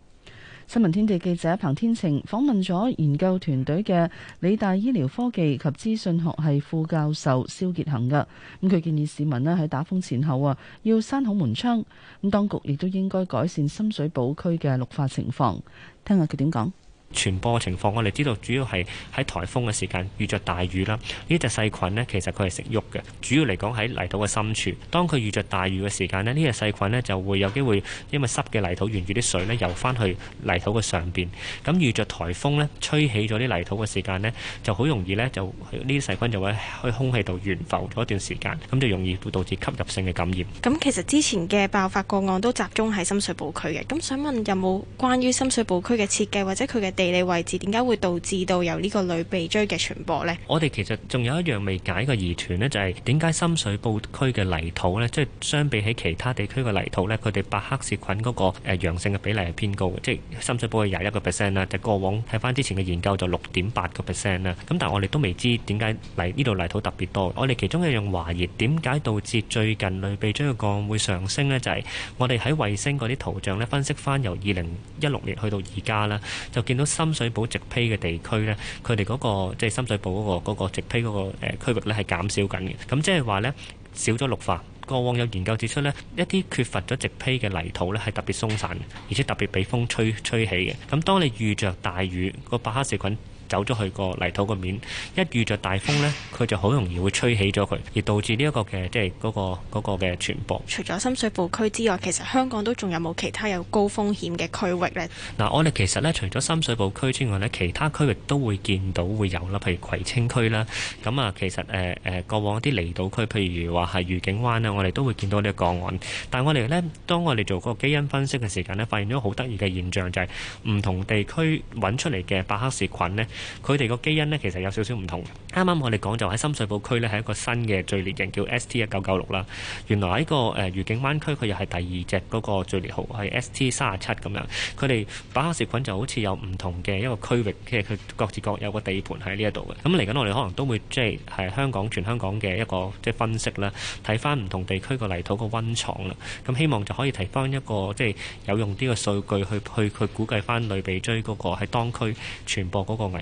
新聞天地記者彭天晴訪問咗研究團隊嘅理大醫療科技及資訊學系副教授蕭杰恒噶，咁佢建議市民咧，喺打風前後啊，要閂好門窗，咁當局亦都應該改善深水埗區嘅綠化情況。聽下佢點講。傳播嘅情況，我哋知道主要係喺颱風嘅時間遇着大雨啦。呢隻細菌呢，其實佢係識郁嘅，主要嚟講喺泥土嘅深處。當佢遇着大雨嘅時間呢，呢隻細菌呢就會有機會，因為濕嘅泥土沿住啲水呢，游翻去泥土嘅上邊。咁遇着颱風呢，吹起咗啲泥土嘅時間呢，就好容易呢，就呢啲細菌就會喺空氣度懸浮咗一段時間，咁就容易會導致吸入性嘅感染。咁其實之前嘅爆發個案都集中喺深水埗區嘅，咁想問有冇關於深水埗區嘅設計或者佢嘅地地理位置點解會導致到有呢個類鼻疽嘅傳播呢？我哋其實仲有一樣未解嘅疑團呢，就係點解深水埗區嘅泥土呢？即係相比起其他地區嘅泥土呢，佢哋白黑氏菌嗰個誒陽性嘅比例係偏高嘅，即係深水埗係廿一個 percent 啦，就過往睇翻之前嘅研究就六點八個 percent 啦。咁但係我哋都未知點解泥呢度泥土特別多。我哋其中一樣懷疑點解導致最近類鼻疽嘅個案會上升呢？就係我哋喺衛星嗰啲圖像呢，分析翻由二零一六年去到而家啦，就見到。深水埗直批嘅地區呢，佢哋嗰個即係深水埗嗰、那個那個直批嗰個誒區域呢，係減少緊嘅，咁即係話呢，少咗綠化。個往有研究指出呢，一啲缺乏咗直批嘅泥土呢，係特別鬆散，而且特別被風吹吹起嘅。咁當你遇着大雨，個白黑細菌。走咗去個泥土個面，一遇着大風呢，佢就好容易會吹起咗佢，而導致呢一個嘅即係、那、嗰個嘅、那個、傳播。除咗深水埗區之外，其實香港都仲有冇其他有高風險嘅區域呢？嗱、嗯，我哋其實呢，除咗深水埗區之外呢，其他區域都會見到會有啦，譬如葵青區啦，咁、嗯、啊，其實誒誒、呃，過往啲離島區，譬如話係愉景灣啦，我哋都會見到啲個,個案。但係我哋呢，當我哋做嗰個基因分析嘅時間呢，發現咗好得意嘅現象，就係、是、唔同地區揾出嚟嘅伯克氏菌呢。佢哋個基因呢，其實有少少唔同。啱啱我哋講就喺深水埗區呢，係一個新嘅序列型叫 ST 一九九六啦。原來喺個誒愉景灣區，佢又係第二隻嗰個序列號係 ST 三七咁樣。佢哋把塊噬菌就好似有唔同嘅一個區域，即係佢各自各有個地盤喺呢一度嘅。咁嚟緊我哋可能都會即係係香港全香港嘅一個即係分析啦，睇翻唔同地區個泥土個溫床啦。咁希望就可以提翻一個即係有用啲嘅數據去去去估計翻類鼻疽嗰個喺當區傳播嗰個危。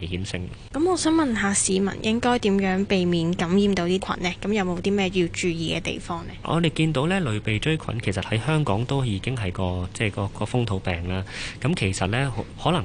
咁我想問下市民應該點樣避免感染到啲菌呢？咁有冇啲咩要注意嘅地方呢？我哋見到呢，類鼻疽菌其實喺香港都已經係個即係個個個風土病啦。咁其實呢，可能。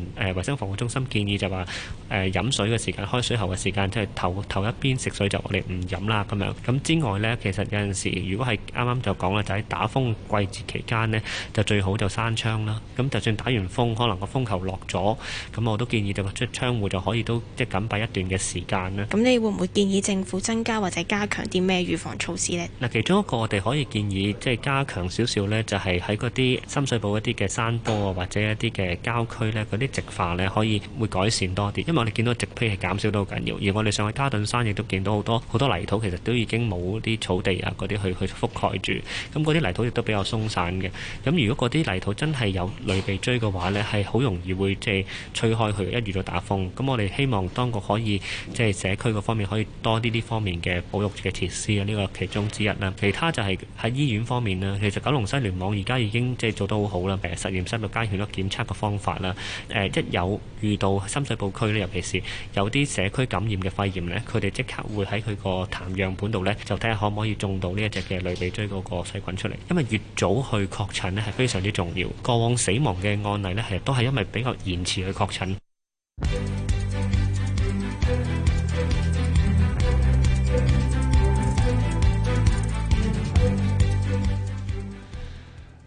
誒衞、呃、生防護中心建議就話、是、誒、呃、飲水嘅時間、開水喉嘅時間，即係頭頭一邊食水就我哋唔飲啦咁樣。咁之外呢，其實有陣時如果係啱啱就講咧，就喺、是、打風季節期間呢，就最好就閂窗啦。咁就算打完風，可能個風球落咗，咁我都建議就出窗戶就可以都即係緊閉一段嘅時間啦。咁你會唔會建議政府增加或者加強啲咩預防措施呢？嗱，其中一個我哋可以建議即係加強少少呢，就係喺嗰啲深水埗一啲嘅山坡啊，或者一啲嘅郊區呢。啲。植化呢，可以會改善多啲，因為我哋見到植被係減少得好緊要，而我哋上去嘉頓山亦都見到好多好多泥土其實都已經冇啲草地啊嗰啲去去覆蓋住，咁嗰啲泥土亦都比較鬆散嘅。咁如果嗰啲泥土真係有類被追嘅話呢，係好容易會即係吹開佢，一遇到打風。咁我哋希望當局可以即係社區嗰方面可以多啲呢方面嘅保育嘅設施啊，呢、呢個其中之一啦。其他就係喺醫院方面啦，其實九龍西聯網而家已經即係做得好好啦，譬如實驗室嘅監測、檢測嘅方法啦。呃誒一有遇到深水埗區咧，尤其是有啲社區感染嘅肺炎咧，佢哋即刻會喺佢個痰樣本度咧，就睇下可唔可以種到呢一隻嘅類鼻疽嗰個細菌出嚟。因為越早去確診咧，係非常之重要。過往死亡嘅案例咧，係都係因為比較延遲去確診。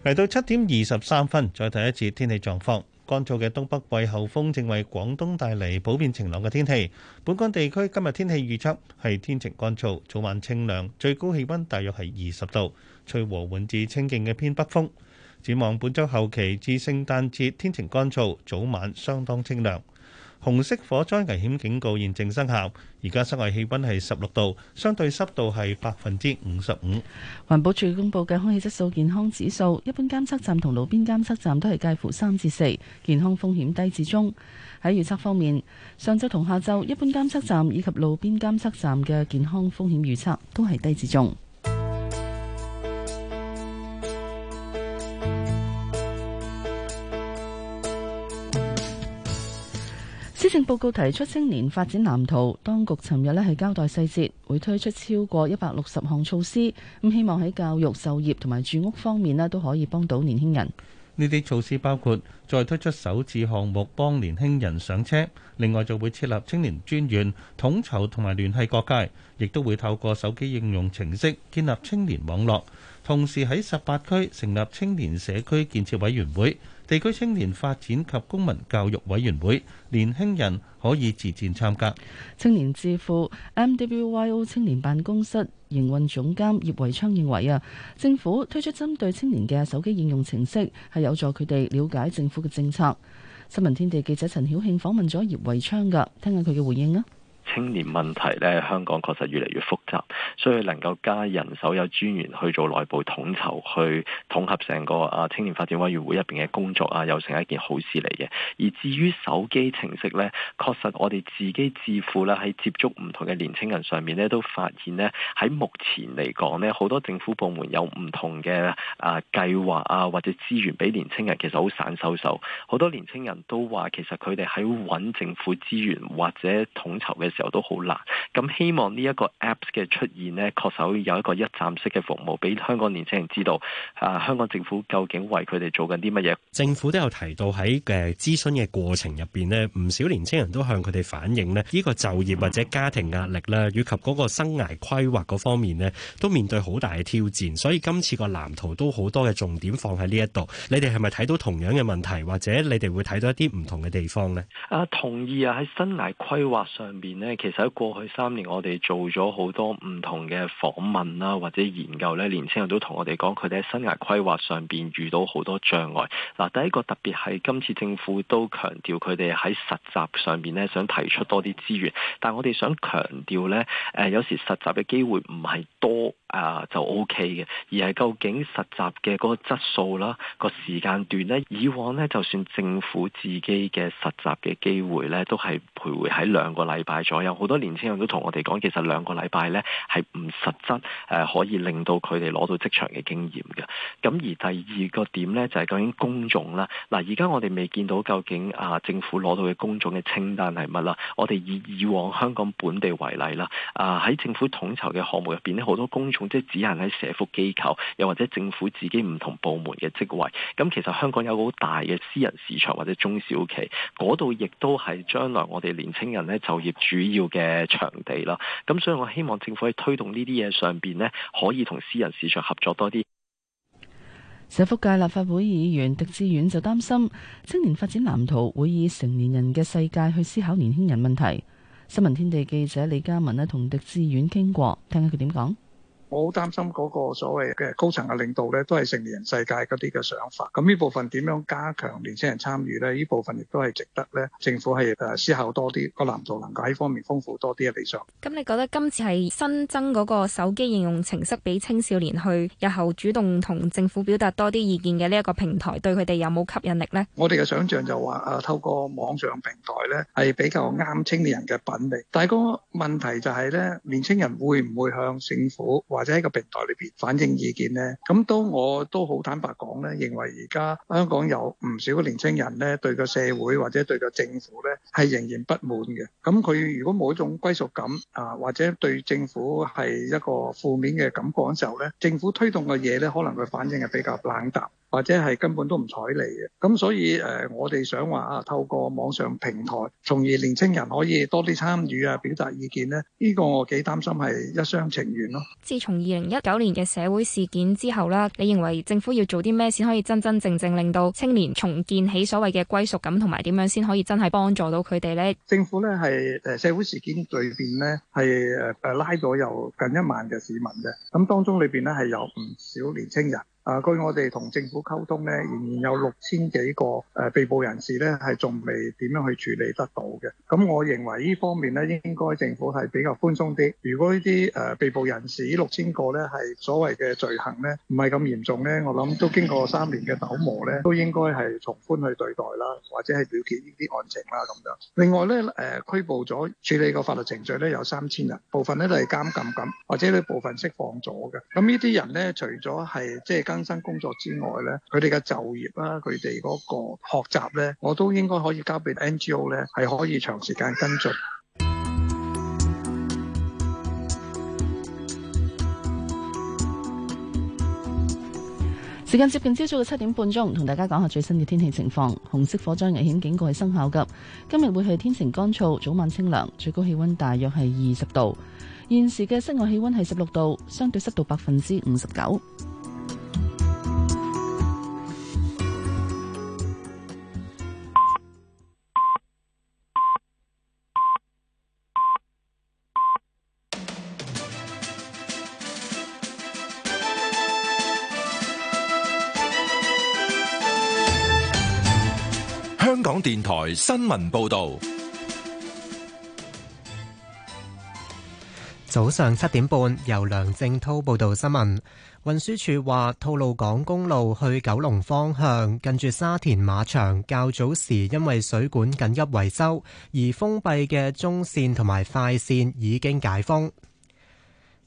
嚟到七點二十三分，再睇一次天氣狀況。乾燥嘅東北季候風正為廣東帶嚟普遍晴朗嘅天氣，本港地區今日天氣預測係天晴乾燥，早晚清涼，最高氣溫大約係二十度，吹和緩至清勁嘅偏北風，展望本周後期至聖誕節天晴乾燥，早晚相當清涼。紅色火災危險警告現正生效，而家室外氣溫係十六度，相對濕度係百分之五十五。環保署公布嘅空氣質素健康指數，一般監測站同路邊監測站都係介乎三至四，健康風險低至中。喺預測方面，上晝同下晝一般監測站以及路邊監測站嘅健康風險預測都係低至中。施政報告提出青年發展藍圖，當局尋日呢係交代細節，會推出超過一百六十項措施，咁希望喺教育、就業同埋住屋方面呢都可以幫到年輕人。呢啲措施包括再推出首次項目幫年輕人上車，另外就會設立青年專員統籌同埋聯繫各界，亦都會透過手機應用程式建立青年網絡，同時喺十八區成立青年社區建設委員會。地區青年發展及公民教育委員會，年輕人可以自薦參加。青年智庫 MWYO 青年辦公室營運總監葉維昌認為啊，政府推出針對青年嘅手機應用程式，係有助佢哋了解政府嘅政策。新聞天地記者陳曉慶訪問咗葉維昌㗎，聽下佢嘅回應啊！青年問題咧，香港確實越嚟越複雜，所以能夠加人手有專員去做內部統籌，去統合成個啊青年發展委員會入邊嘅工作啊，又成一件好事嚟嘅。而至於手機程式咧，確實我哋自己自負啦，喺接觸唔同嘅年青人上面咧，都發現呢，喺目前嚟講呢，好多政府部門有唔同嘅啊計劃啊，或者資源俾年青人其實好散收收，好多年青人都話其實佢哋喺揾政府資源或者統籌嘅時候都好難，咁希望呢一個 Apps 嘅出現咧，確實會有一個一站式嘅服務，俾香港年輕人知道，啊、呃，香港政府究竟為佢哋做緊啲乜嘢？政府都有提到喺呃諮詢嘅過程入邊咧，唔少年青人都向佢哋反映咧，呢、呢個就業或者家庭壓力啦，以及嗰個生涯規劃嗰方面咧，都面對好大嘅挑戰。所以今次個藍圖都好多嘅重點放喺呢一度。你哋係咪睇到同樣嘅問題，或者你哋會睇到一啲唔同嘅地方呢？啊，同意啊，喺生涯規劃上面。誒，其實喺過去三年，我哋做咗好多唔同嘅訪問啦，或者研究咧，年青人都同我哋講，佢哋喺生涯規劃上邊遇到好多障礙。嗱，第一個特別係今次政府都強調佢哋喺實習上邊咧，想提出多啲資源，但係我哋想強調呢，誒，有時實習嘅機會唔係多。啊，就 O K 嘅，而係究竟實習嘅嗰個質素啦，個時間段咧，以往咧，就算政府自己嘅實習嘅機會咧，都係徘徊喺兩個禮拜左右。好多年青人都同我哋講，其實兩個禮拜咧係唔實質，誒、啊、可以令到佢哋攞到職場嘅經驗嘅。咁而第二個點咧，就係、是、究竟公眾啦，嗱、啊，而家我哋未見到究竟啊政府攞到嘅公眾嘅清單係乜啦？我哋以以往香港本地為例啦，啊喺政府統籌嘅項目入邊咧，好多公眾。即係只限喺社福機構，又或者政府自己唔同部門嘅職位。咁其實香港有好大嘅私人市場或者中小企，嗰度亦都係將來我哋年青人咧就業主要嘅場地啦。咁所以我希望政府喺推動呢啲嘢上邊咧，可以同私人市場合作多啲。社福界立法會議員狄志遠就擔心青年發展藍圖會以成年人嘅世界去思考年輕人問題。新聞天地記者李嘉文咧同狄志遠傾過，聽下佢點講。我好擔心嗰個所謂嘅高層嘅領導呢，都係成年人世界嗰啲嘅想法。咁呢部分點樣加強年輕人參與呢？呢部分亦都係值得呢政府係誒思考多啲，個難度能夠喺方面豐富多啲啊，理想。咁你覺得今次係新增嗰個手機應用程式俾青少年去日後主動同政府表達多啲意見嘅呢一個平台，對佢哋有冇吸引力呢？我哋嘅想像就話誒、啊，透過網上平台呢係比較啱青年人嘅品味。但係個問題就係呢，年輕人會唔會向政府？或者喺個平台裏邊反映意見呢。咁都我都好坦白講呢，認為而家香港有唔少嘅年輕人呢，對個社會或者對個政府呢係仍然不滿嘅。咁佢如果冇一種歸屬感啊，或者對政府係一個負面嘅感覺嘅時候呢，政府推動嘅嘢呢，可能佢反應係比較冷淡。或者係根本都唔睬你嘅，咁所以誒、呃，我哋想話啊，透過網上平台，從而年青人可以多啲參與啊，表達意見呢。呢、呢個我幾擔心係一廂情願咯、啊。自從二零一九年嘅社會事件之後啦，你認為政府要做啲咩先可以真真正正正令到青年重建起所謂嘅歸屬感，同埋點樣先可以真係幫助到佢哋呢？政府呢係誒社會事件裏邊呢係誒拉咗有近一萬嘅市民嘅，咁當中裏邊呢係有唔少年青人。啊，據我哋同政府溝通咧，仍然有六千幾個誒被捕人士咧，係仲未點樣去處理得到嘅。咁我認為呢方面咧，應該政府係比較寬鬆啲。如果呢啲誒被捕人士呢六千個咧係所謂嘅罪行咧，唔係咁嚴重咧，我諗都經過三年嘅糾磨咧，都應該係從寬去對待啦，或者係了結呢啲案情啦咁樣。另外咧，誒拘捕咗處理個法律程序咧有三千人，部分咧都係監禁緊，或者咧部分釋放咗嘅。咁呢啲人咧，除咗係即係，更新工作之外咧，佢哋嘅就業啦，佢哋嗰個學習咧，我都應該可以交俾 NGO，咧，係可以長時間跟進。時間接近朝早嘅七點半鐘，同大家講下最新嘅天氣情況。紅色火災危險警告係生效㗎。今日會係天晴乾燥，早晚清涼，最高氣溫大約係二十度。現時嘅室外氣溫係十六度，相對濕度百分之五十九。香港電台新聞報道，早上七點半由梁正濤報道新聞。運輸署話，吐露港公路去九龍方向近住沙田馬場較早時因為水管緊急維修而封閉嘅中線同埋快線已經解封。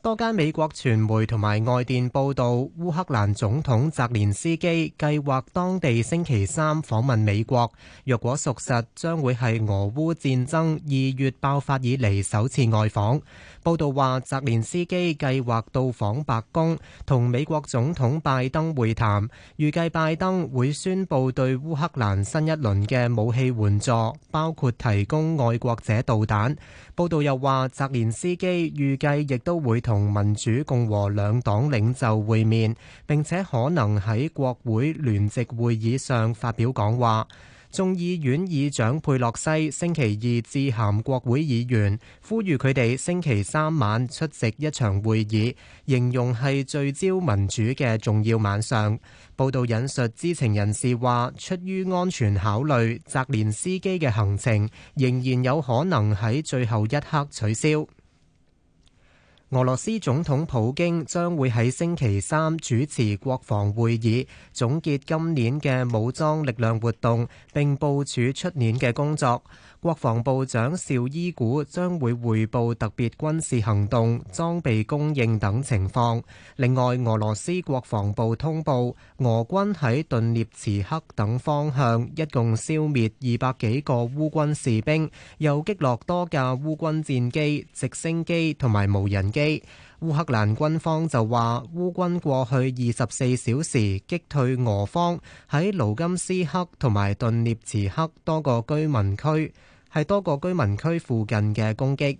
多間美國傳媒同埋外電報道，烏克蘭總統澤連斯基計劃當地星期三訪問美國。若果屬實，將會係俄烏戰爭二月爆發以嚟，首次外訪。報道話，澤連斯基計劃到訪白宮，同美國總統拜登會談。預計拜登會宣布對烏克蘭新一輪嘅武器援助，包括提供愛國者導彈。報道又話，澤連斯基預計亦都會同。同民主共和兩黨領袖會面，並且可能喺國會聯席會議上發表講話。眾議院議長佩洛西星期二致函國會議員，呼籲佢哋星期三晚出席一場會議，形容係聚焦民主嘅重要晚上。報道引述知情人士話，出於安全考慮，澤連斯基嘅行程仍然有可能喺最後一刻取消。俄羅斯總統普京將會喺星期三主持國防會議，總結今年嘅武裝力量活動，並部署出年嘅工作。國防部長紹伊古將會匯報特別軍事行動、裝備供應等情況。另外，俄羅斯國防部通報，俄軍喺頓涅茨克等方向一共消滅二百幾個烏軍士兵，又擊落多架烏軍戰機、直升機同埋無人機。烏克蘭軍方就話，烏軍過去二十四小時擊退俄方喺盧甘斯克同埋頓涅茨克多個居民區，係多個居民區附近嘅攻擊。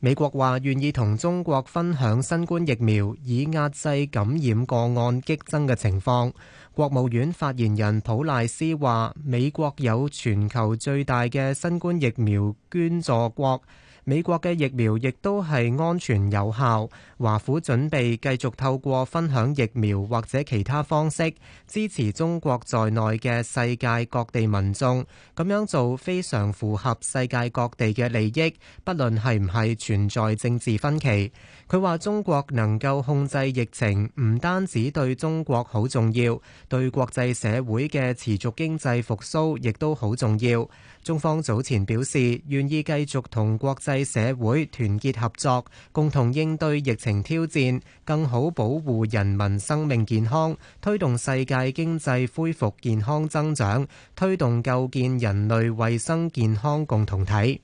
美國話願意同中國分享新冠疫苗，以壓制感染個案激增嘅情況。國務院發言人普賴斯話，美國有全球最大嘅新冠疫苗捐助國。美國嘅疫苗亦都係安全有效，華府準備繼續透過分享疫苗或者其他方式，支持中國在內嘅世界各地民眾。咁樣做非常符合世界各地嘅利益，不論係唔係存在政治分歧。佢話中國能夠控制疫情，唔單止對中國好重要，對國際社會嘅持續經濟復甦亦都好重要。中方早前表示，願意繼續同國際社會團結合作，共同應對疫情挑戰，更好保護人民生命健康，推動世界經濟恢復健康增長，推動構建人類衛生健康共同體。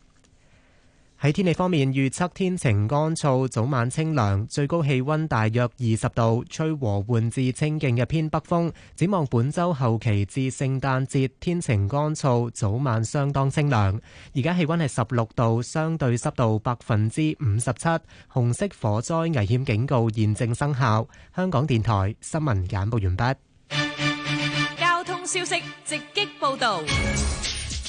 喺天氣方面，預測天晴乾燥，早晚清涼，最高氣溫大約二十度，吹和緩至清勁嘅偏北風。展望本周後期至聖誕節，天晴乾燥，早晚相當清涼。而家氣溫係十六度，相對濕度百分之五十七，紅色火災危險警告現正生效。香港電台新聞簡報完畢。交通消息直擊報道。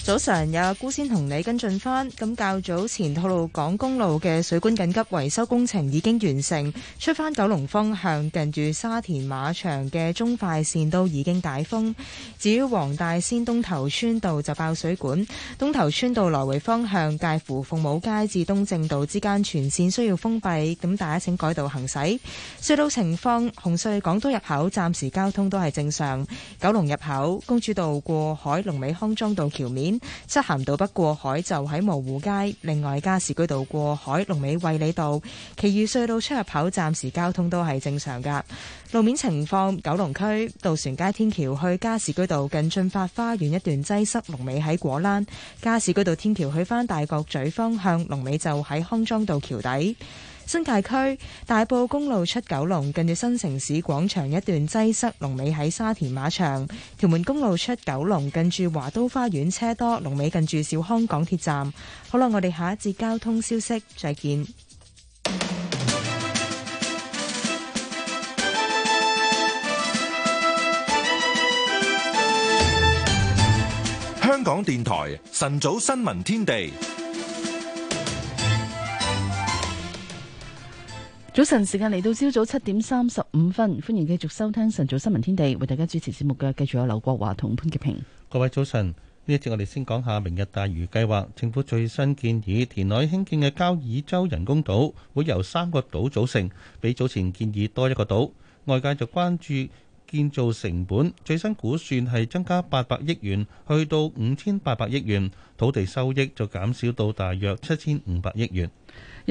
早上有姑先同你跟進翻，咁較早前吐露港公路嘅水管緊急維修工程已經完成，出返九龍方向近住沙田馬場嘅中快線都已經解封。至於黃大仙東頭村道就爆水管，東頭村道來回方向介乎鳳舞街至東正道之間全線需要封閉，咁大家請改道行駛。隧道情況，紅隧港島入口暫時交通都係正常，九龍入口公主道過海龍尾康莊道橋面。漆咸道北過海就喺蕪湖街，另外加士居道過海龍尾衛理道，其餘隧道出入口暫時交通都係正常噶。路面情況，九龍區渡船街天橋去加士居道近駿發花園一段擠塞龍，龍尾喺果欄；加士居道天橋去返大角咀方向，龍尾就喺康莊道橋底。新界區大埔公路出九龍近住新城市廣場一段擠塞，龍尾喺沙田馬場；屯門公路出九龍近住華都花園車多，龍尾近住兆康港鐵站。好啦，我哋下一節交通消息，再見。香港電台晨早新聞天地。早晨時間嚟到朝早七點三十五分，歡迎繼續收聽晨早新聞天地，為大家主持節目嘅繼續有劉國華同潘潔平。各位早晨，呢一節我哋先講下明日大嶼計劃政府最新建議，填海興建嘅交椅洲人工島會由三個島組成，比早前建議多一個島。外界就關注建造成本，最新估算係增加八百億元，去到五千八百億元，土地收益就減少到大約七千五百億元。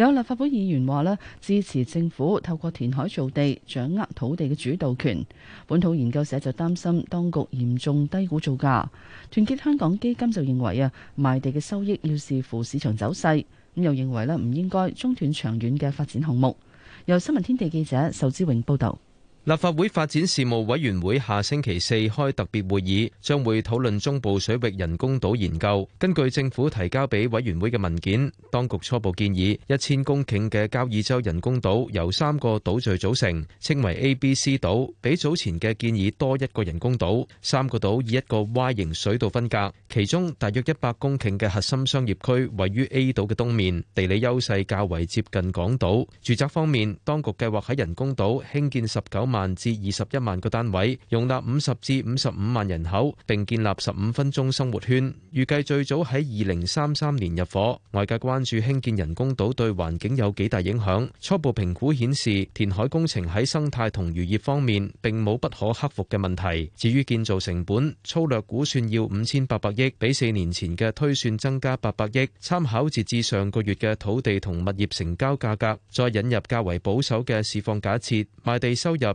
有立法會議員話咧，支持政府透過填海造地掌握土地嘅主導權。本土研究社就擔心當局嚴重低估造價。團結香港基金就認為啊，賣地嘅收益要視乎市場走勢，咁又認為咧，唔應該中斷長遠嘅發展項目。由新聞天地記者仇志永報導。立法會發展事務委員會下星期四開特別會議，將會討論中部水域人工島研究。根據政府提交俾委員會嘅文件，當局初步建議一千公頃嘅交椅洲人工島由三個島嶼組成，稱為 A、B、C 島，比早前嘅建議多一個人工島。三個島以一個 Y 型水道分隔，其中大約一百公頃嘅核心商業區位於 A 島嘅東面，地理優勢較為接近港島。住宅方面，當局計劃喺人工島興建十九萬萬至二十一萬個單位，容納五十至五十五萬人口，並建立十五分鐘生活圈。預計最早喺二零三三年入伙。外界關注興建人工島對環境有幾大影響。初步評估顯示，填海工程喺生態同漁業方面，並冇不可克服嘅問題。至於建造成本，粗略估算要五千八百億，比四年前嘅推算增加八百億。參考截至上個月嘅土地同物業成交價格，再引入較為保守嘅市況假設，賣地收入。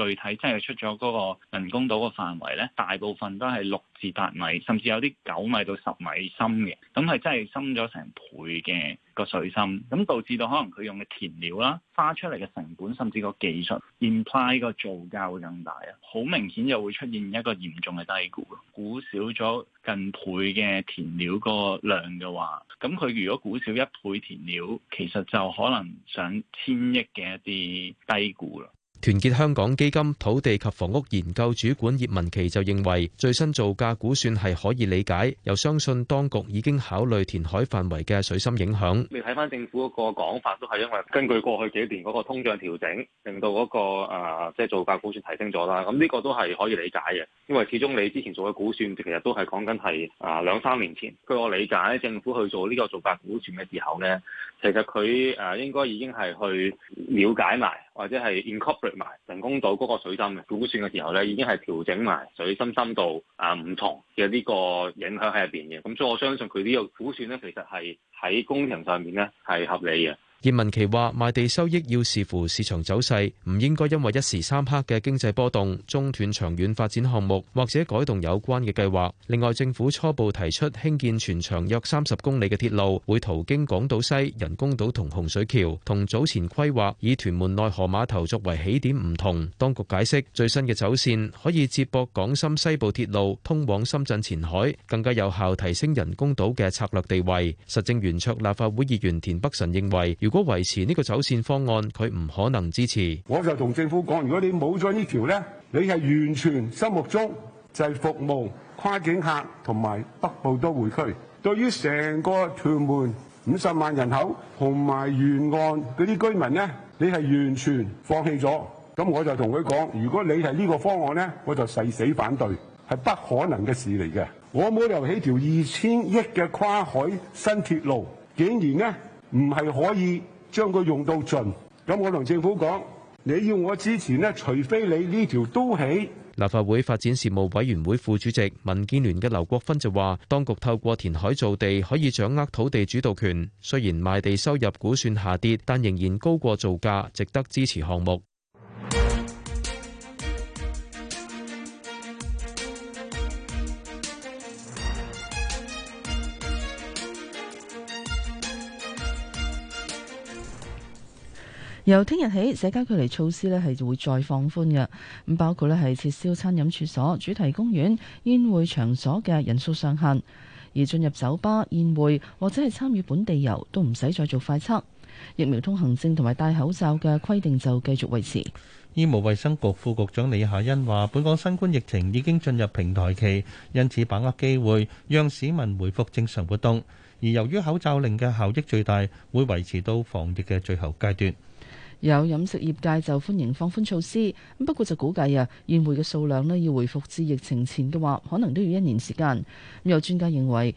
具體真係出咗嗰個人工島個範圍咧，大部分都係六至八米，甚至有啲九米到十米深嘅，咁係真係深咗成倍嘅個水深，咁導致到可能佢用嘅填料啦，花出嚟嘅成本，甚至個技術 imply 個造價會更大啊！好明顯就會出現一個嚴重嘅低估，估少咗近倍嘅填料個量嘅話，咁佢如果估少一倍填料，其實就可能上千億嘅一啲低估啦。團結香港基金土地及房屋研究主管葉文琪就認為，最新造價估算係可以理解，又相信當局已經考慮填海範圍嘅水深影響。你睇翻政府嗰個講法，都係因為根據過去幾年嗰個通脹調整，令到嗰個誒，即係造價估算提升咗啦。咁呢個都係可以理解嘅，因為始終你之前做嘅估算其實都係講緊係啊兩三年前。據我理解，政府去做呢個造價估算嘅時候呢，其實佢誒應該已經係去了解埋。或者係 incorporate 埋人工島嗰個水深嘅估算嘅時候咧，已經係調整埋水深深度啊、唔同嘅呢個影響喺入邊嘅，咁所以我相信佢呢個估算咧，其實係喺工程上面咧係合理嘅。葉文琪話：賣地收益要視乎市場走勢，唔應該因為一時三刻嘅經濟波動中斷長遠發展項目或者改動有關嘅計劃。另外，政府初步提出興建全長約三十公里嘅鐵路，會途經港島西、人工島同洪水橋，同早前規劃以屯門內河碼頭作為起點唔同。當局解釋，最新嘅走線可以接駁港深西部鐵路，通往深圳前海，更加有效提升人工島嘅策略地位。實政圓桌立法會議員田北辰認為，如果維持呢個走線方案，佢唔可能支持。我就同政府講，如果你冇咗呢條呢，你係完全心目中就係服務跨境客同埋北部都會區。對於成個屯門五十萬人口同埋沿岸嗰啲居民呢，你係完全放棄咗。咁我就同佢講，如果你係呢個方案呢，我就誓死反對，係不可能嘅事嚟嘅。我冇留起條二千億嘅跨海新鐵路，竟然呢。唔係可以將佢用到盡，咁我同政府講，你要我支持呢，除非你呢條都起。立法會發展事務委員會副主席、民建聯嘅劉國勳就話，當局透過填海造地可以掌握土地主導權，雖然賣地收入估算下跌，但仍然高過造價，值得支持項目。由聽日起，社交距離措施呢係會再放寬嘅，咁包括呢係撤銷餐飲處所、主題公園、宴會場所嘅人數上限，而進入酒吧、宴會或者係參與本地遊都唔使再做快測疫苗通行證，同埋戴口罩嘅規定就繼續維持。醫務衛生局副局長李夏欣話，本港新冠疫情已經進入平台期，因此把握機會讓市民回復正常活動。而由於口罩令嘅效益最大，會維持到防疫嘅最後階段。有飲食業界就歡迎放寬措施，不過就估計啊，宴會嘅數量呢要回復至疫情前嘅話，可能都要一年時間。咁有專家認為，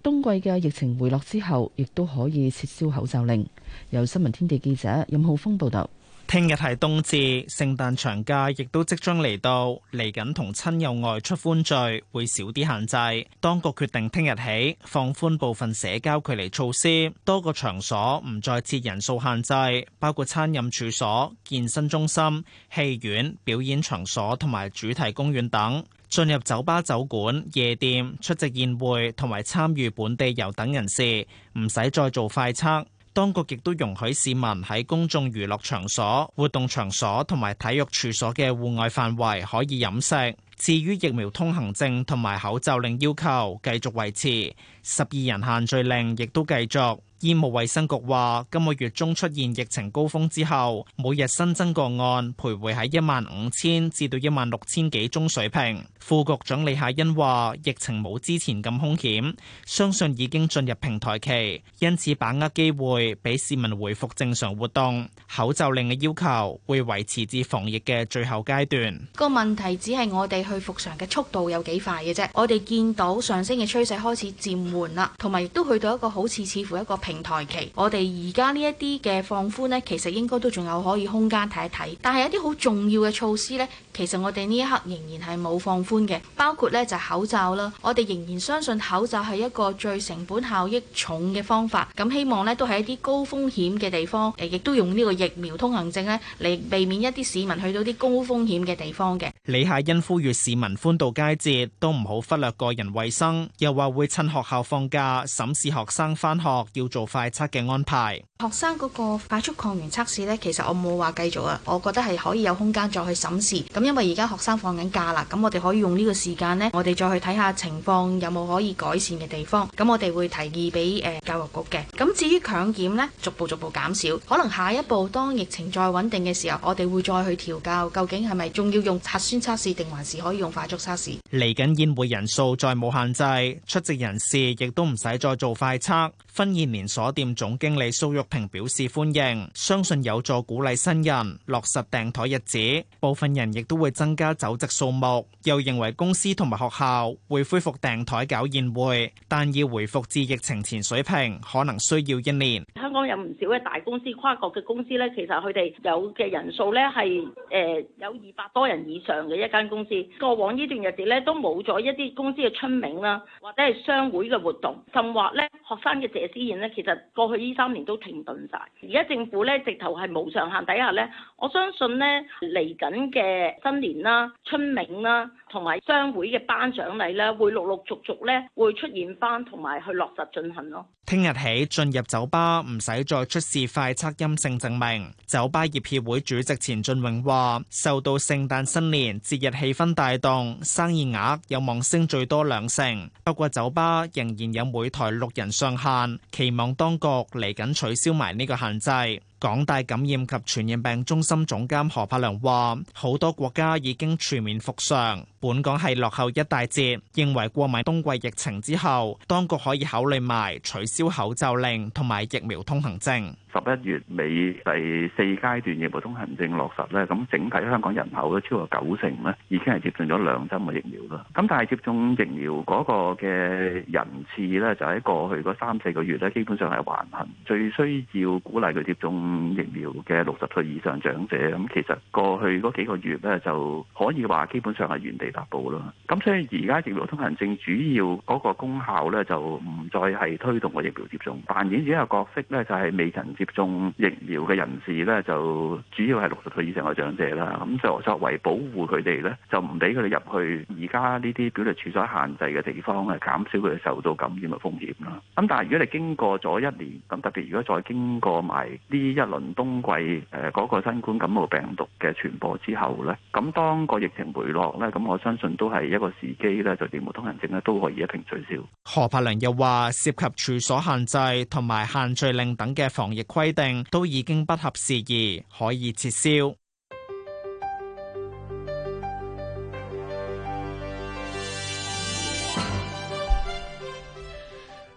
冬季嘅疫情回落之後，亦都可以撤銷口罩令。由新聞天地記者任浩峰報道。聽日係冬至，聖誕長假亦都即將嚟到，嚟緊同親友外出歡聚會少啲限制。當局決定聽日起放寬部分社交距離措施，多個場所唔再設人數限制，包括餐飲處所、健身中心、戲院、表演場所同埋主題公園等。進入酒吧、酒館、夜店、出席宴會同埋參與本地遊等人士，唔使再做快測。當局亦都容許市民喺公眾娛樂場所、活動場所同埋體育處所嘅戶外範圍可以飲食。至於疫苗通行證同埋口罩令要求繼續維持，十二人限聚令亦都繼續。醫務衛生局話，今個月中出現疫情高峰之後，每日新增個案徘徊喺一萬五千至到一萬六千幾宗水平。副局長李夏茵話：疫情冇之前咁凶險，相信已經進入平台期，因此把握機會，俾市民回復正常活動。口罩令嘅要求會維持至防疫嘅最後階段。個問題只係我哋去復常嘅速度有幾快嘅啫。我哋見到上升嘅趨勢開始漸緩啦，同埋亦都去到一個好似似乎一個平台期。我哋而家呢一啲嘅放寬呢，其實應該都仲有可以空間睇一睇。但係一啲好重要嘅措施呢，其實我哋呢一刻仍然係冇放寬。嘅包括咧就口罩啦，我哋仍然相信口罩係一個最成本效益重嘅方法。咁希望咧都係一啲高風險嘅地方，誒亦都用呢個疫苗通行證咧嚟避免一啲市民去到啲高風險嘅地方嘅。李夏欣呼籲市民歡度佳節，都唔好忽略個人衞生，又話會趁學校放假審視學生返學要做快測嘅安排。學生嗰個快速抗原測試呢，其實我冇話繼續啊，我覺得係可以有空間再去審視。咁因為而家學生放緊假啦，咁我哋可以用呢個時間呢，我哋再去睇下情況有冇可以改善嘅地方。咁我哋會提議俾誒、呃、教育局嘅。咁至於強檢呢，逐步逐步減少，可能下一步當疫情再穩定嘅時候，我哋會再去調教究竟係咪仲要用核酸測試定還是可以用快速測試。嚟緊宴會人數再冇限制，出席人士亦都唔使再做快測。婚宴連鎖店總經理蘇玉平表示歡迎，相信有助鼓勵新人落實訂台日子。部分人亦都會增加酒席數目，又認為公司同埋學校會恢復訂台搞宴會，但要回復至疫情前水平，可能需要一年。香港有唔少嘅大公司、跨國嘅公司咧，其實佢哋有嘅人數咧係誒有二百多人以上嘅一間公司。過往呢段日子咧都冇咗一啲公司嘅春茗啦，或者係商會嘅活動，甚或咧學生嘅謝師宴咧，其實過去呢三年都停。而家政府咧直頭係無上限底下咧，我相信呢嚟緊嘅新年啦、春茗啦，同埋商會嘅頒獎禮啦，會陸陸續續咧會出現翻同埋去落實進行咯。聽日起進入酒吧唔使再出示快測陰性證明，酒吧業協會主席錢俊榮話：受到聖誕新年節日氣氛帶動，生意額有望升最多兩成。不過酒吧仍然有每台六人上限，期望當局嚟緊取消埋呢個限制。 港大感染及傳染病中心總監何柏良話，好多國家已經全面復常，本港係落後一大截。認為過埋冬季疫情之後，當局可以考慮埋取消口罩令同埋疫苗通行證。十一月尾第四階段疫苗通行證落實咧，咁整體香港人口都超過九成咧，已經係接種咗兩針嘅疫苗啦。咁但係接種疫苗嗰個嘅人次咧，就喺過去嗰三四個月咧，基本上係橫行。最需要鼓勵佢接種疫苗嘅六十歲以上長者，咁其實過去嗰幾個月咧，就可以話基本上係原地踏步咯。咁所以而家疫苗通行證主要嗰個功效咧，就唔再係推動個疫苗接種，扮演一個角色咧，就係未曾接種疫苗嘅人士咧，就主要係六十歲以上嘅長者啦。咁就作為保護佢哋咧，就唔俾佢哋入去而家呢啲表列處所限制嘅地方啊，減少佢哋受到感染嘅風險啦。咁但係如果你經過咗一年，咁特別如果再經過埋呢。一輪冬季誒嗰個新冠感冒病毒嘅傳播之後咧，咁當個疫情回落咧，咁我相信都係一個時機咧，就連疫苗通行證咧都可以一併取消。何柏良又話：涉及處所限制同埋限聚令等嘅防疫規定，都已經不合時宜，可以撤銷。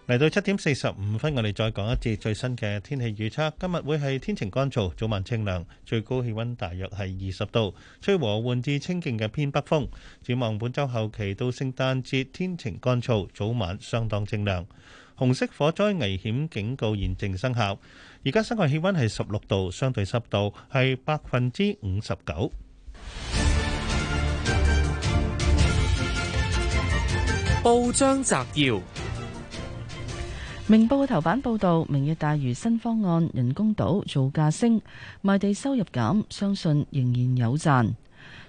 嚟到七點四十五分，我哋再講一節最新嘅天氣預測。今日會係天晴乾燥，早晚清涼，最高氣温大約係二十度，吹和緩至清勁嘅偏北風。展望本週後期到聖誕節，天晴乾燥，早晚相當清涼。紅色火災危險警告現正生效。而家室外氣温係十六度，相對濕度係百分之五十九。報章摘要。明報嘅頭版報道，明日大嶼新方案人工島造價升，賣地收入減，相信仍然有賺。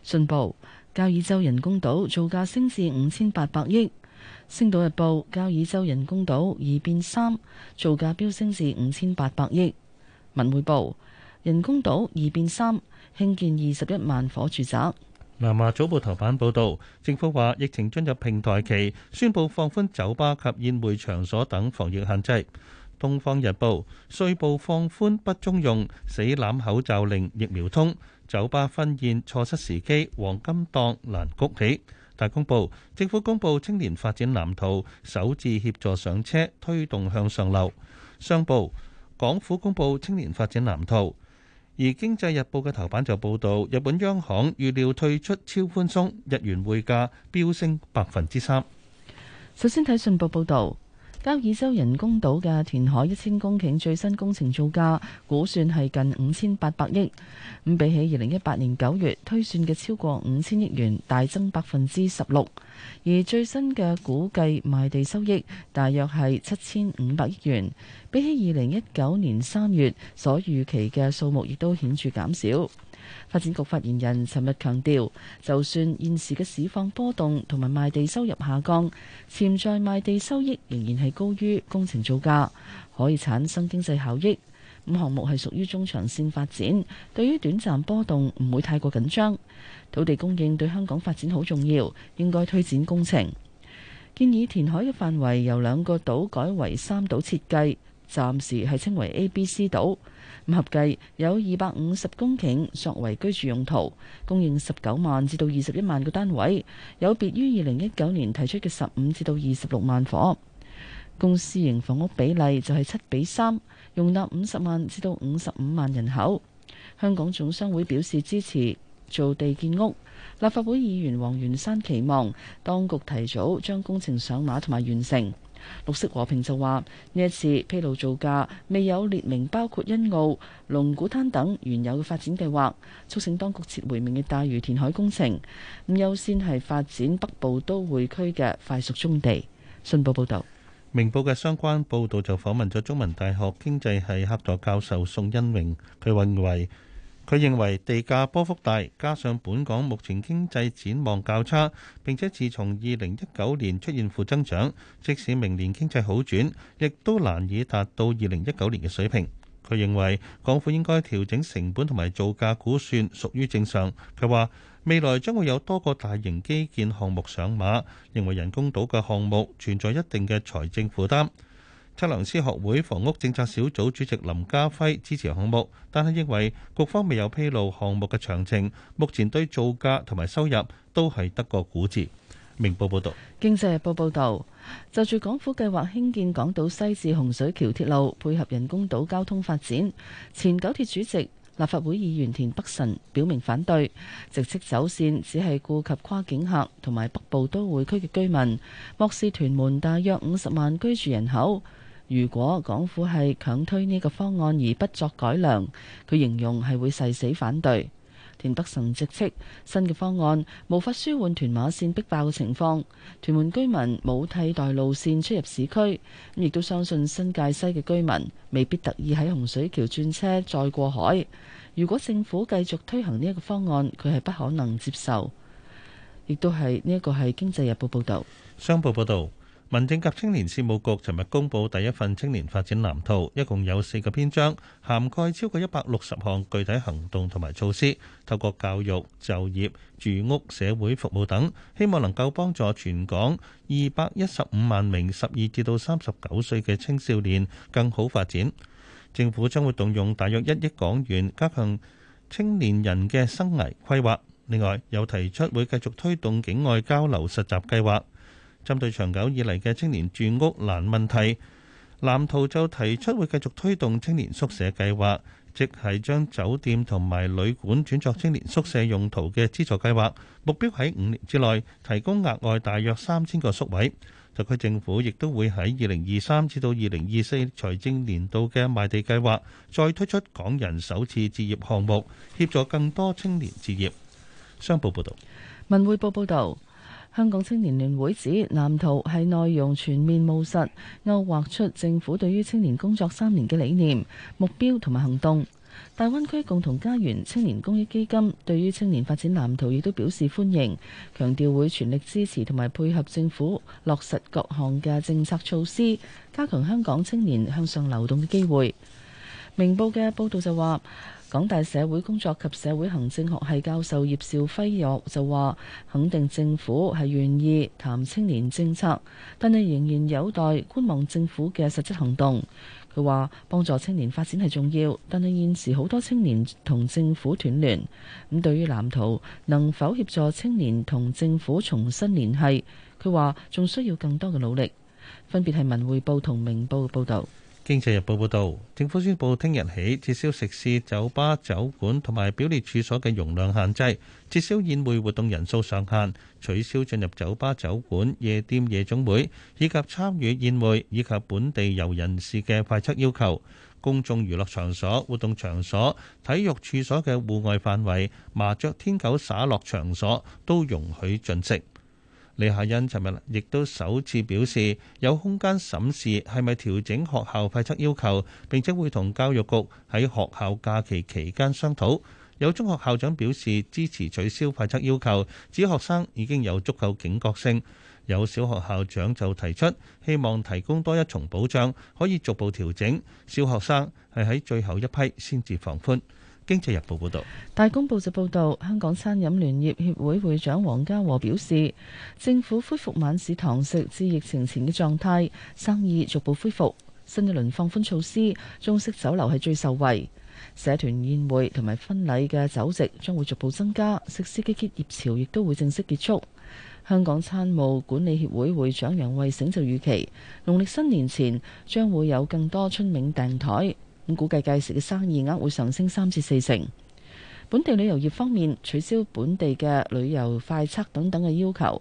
信報，交椅洲人工島造價升至五千八百億。星島日報，交椅洲人工島二變三，造價飆升至五千八百億。文匯報，人工島二變三，興建二十一萬伙住宅。南華早報頭版報導，政府話疫情進入平台期，宣布放寬酒吧及宴會場所等防疫限制。東方日報、《稅部放寬不中用，死攬口罩令，疫苗通，酒吧婚宴錯失時機，黃金檔難谷起。大公報，政府公布青年發展藍圖，首次協助上車，推動向上流。商報，港府公布青年發展藍圖。而《經濟日報》嘅頭版就報道，日本央行預料退出超寬鬆，日元匯價飆升百分之三。首先睇信報報導。交椅洲人工島嘅填海一千公頃最新工程造價估算係近五千八百億，咁比起二零一八年九月推算嘅超過五千億元，大增百分之十六。而最新嘅估計賣地收益大約係七千五百億元，比起二零一九年三月所預期嘅數目亦都顯著減少。發展局發言人尋日強調，就算現時嘅市況波動同埋賣地收入下降，潛在賣地收益仍然係高於工程造價，可以產生經濟效益。咁項目係屬於中長線發展，對於短暫波動唔會太過緊張。土地供應對香港發展好重要，應該推展工程。建議填海嘅範圍由兩個島改為三島設計，暫時係稱為 A、B、C 島。合計有二百五十公頃作為居住用途，供應十九萬至到二十一萬個單位，有別於二零一九年提出嘅十五至到二十六萬伙。公私營房屋比例就係七比三，容納五十萬至到五十五萬人口。香港總商會表示支持造地建屋。立法會議員黃元山期望當局提早將工程上馬同埋完成。綠色和平就話：呢一次披露造價未有列明，包括欣澳、龍鼓灘等原有嘅發展計劃，促請當局撤回明日嘅大嶼填海工程。咁優先係發展北部都會區嘅快速棕地。信報報道：「明報嘅相關報導就訪問咗中文大學經濟系客座教授宋恩榮，佢認為。佢認為地價波幅大，加上本港目前經濟展望較差，並且自從二零一九年出現負增長，即使明年經濟好轉，亦都難以達到二零一九年嘅水平。佢認為港府應該調整成本同埋造價估算，屬於正常。佢話未來將會有多個大型基建項目上馬，認為人工島嘅項目存在一定嘅財政負擔。測量師學會房屋政策小組主席林家輝支持項目，但係認為局方未有披露項目嘅詳情。目前對造價同埋收入都係得個估字。明報報導，《經濟日報》報導，就住港府計劃興建港島西至洪水橋鐵路，配合人工島交通發展。前九鐵主席、立法會議員田北辰表明反對，直斥走線只係顧及跨境客同埋北部都會區嘅居民，漠視屯門大約五十萬居住人口。如果港府係強推呢個方案而不作改良，佢形容係會誓死反對。田北辰直斥新嘅方案無法舒緩屯馬綫逼爆嘅情況，屯門居民冇替代路綫出入市區，咁亦都相信新界西嘅居民未必特意喺洪水橋轉，轉車再過海。如果政府繼續推行呢一個方案，佢係不可能接受。亦都係呢一個係《經濟日報》報道，《商報》報道。民政及青年事務局尋日公布第一份青年發展藍圖，一共有四個篇章，涵蓋超過一百六十項具體行動同埋措施，透過教育、就業、住屋、社會服務等，希望能夠幫助全港二百一十五萬名十二至到三十九歲嘅青少年更好發展。政府將會動用大約一億港元加強青年人嘅生涯規劃。另外，又提出會繼續推動境外交流實習計劃。針對長久以嚟嘅青年住屋難問題，藍圖就提出會繼續推動青年宿舍計劃，即係將酒店同埋旅館轉作青年宿舍用途嘅資助計劃，目標喺五年之內提供額外大約三千個宿位。特區政府亦都會喺二零二三至到二零二四財政年度嘅賣地計劃，再推出港人首次置業項目，協助更多青年置業。商報報道。文匯報報道。香港青年聯會指藍圖係內容全面務實，勾畫出政府對於青年工作三年嘅理念、目標同埋行動。大灣區共同家園青年公益基金對於青年發展藍圖亦都表示歡迎，強調會全力支持同埋配合政府落實各項嘅政策措施，加強香港青年向上流動嘅機會。明報嘅報道就話。港大社會工作及社會行政學系教授葉兆輝又就話：肯定政府係願意談青年政策，但係仍然有待觀望政府嘅實質行動。佢話：幫助青年發展係重要，但係現時好多青年同政府斷聯。咁對於藍圖能否協助青年同政府重新聯繫，佢話仲需要更多嘅努力。分別係文匯報同明報嘅報導。經濟日報報導，政府宣布聽日起撤銷食肆、酒吧、酒館同埋表列處所嘅容量限制，撤銷宴會活動人數上限，取消進入酒吧、酒館、夜店、夜總會以及參與宴會以及本地遊人士嘅快測要求。公眾娛樂場所、活動場所、體育處所嘅戶外範圍、麻雀、天九、耍落場所都容許進食。李夏欣尋日亦都首次表示有空間審視係咪調整學校快測要求，並且會同教育局喺學校假期期間商討。有中學校長表示支持取消快測要求，指學生已經有足夠警覺性。有小學校長就提出希望提供多一重保障，可以逐步調整小學生係喺最後一批先至放寬。《經濟日報》報導，《大公報》就報導，香港餐飲聯業協會會長黃家和表示，政府恢復晚市堂食至疫情前嘅狀態，生意逐步恢復。新一輪放寬措施，中式酒樓係最受惠。社團宴會同埋婚禮嘅酒席將會逐步增加，食肆嘅結業潮亦都會正式結束。香港餐務管理協會會長楊慧醒就預期，農曆新年前將會有更多春茗訂台。咁估計屆時嘅生意額會上升三至四成。本地旅遊業方面取消本地嘅旅遊快測等等嘅要求，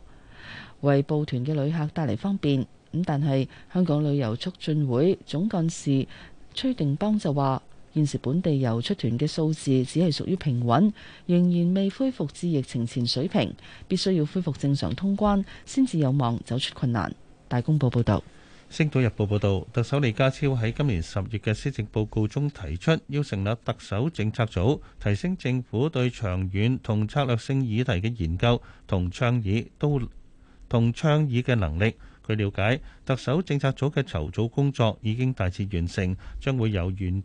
為報團嘅旅客帶嚟方便。咁但係香港旅遊促進會總幹事崔定邦就話，現時本地遊出團嘅數字只係屬於平穩，仍然未恢復至疫情前水平，必須要恢復正常通關先至有望走出困難。大公報報道。《星島日報》報導，特首李家超喺今年十月嘅施政報告中提出，要成立特首政策組，提升政府對長遠同策略性議題嘅研究同倡議都同倡議嘅能力。據了解，特首政策組嘅籌組工作已經大致完成，將會由團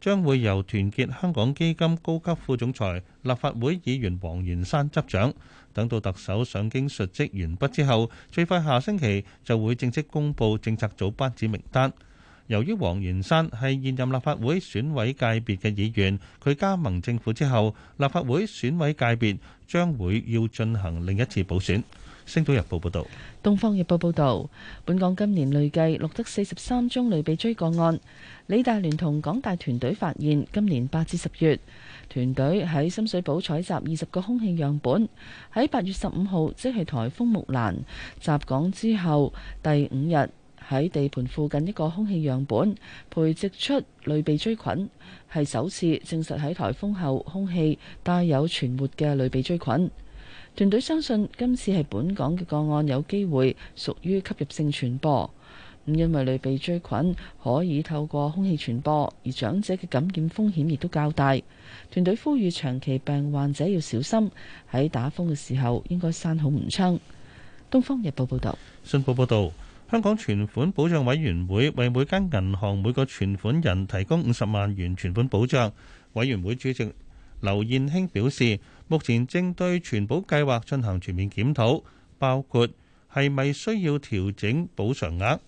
將會由團結香港基金高級副總裁、立法會議員黃元山執掌。等到特首上京述職完畢之後，最快下星期就會正式公布政策組班子名單。由於黃元山係現任立法會選委界別嘅議員，佢加盟政府之後，立法會選委界別將會要進行另一次補選。星島日報報導，東方日報報導，本港今年累計錄得四十三宗類鼻疽個案。理大聯同港大團隊發現，今年八至十月。團隊喺深水埗採集二十個空氣樣本，喺八月十五號，即係颱風木蘭襲港之後第五日，喺地盤附近一個空氣樣本培植出類鼻疽菌，係首次證實喺颱風後空氣帶有存活嘅類鼻疽菌。團隊相信今次係本港嘅個案有機會屬於吸入性傳播。因為類鼻疽菌可以透過空氣傳播，而長者嘅感染風險亦都較大。團隊呼籲長期病患者要小心喺打風嘅時候應該閂好門窗。《東方日報》報導，《信報》報導，香港存款保障委員會為每間銀行每個存款人提供五十萬元存款保障。委員會主席劉燕卿表示，目前正對存保計劃進行全面檢討，包括係咪需要調整補償額。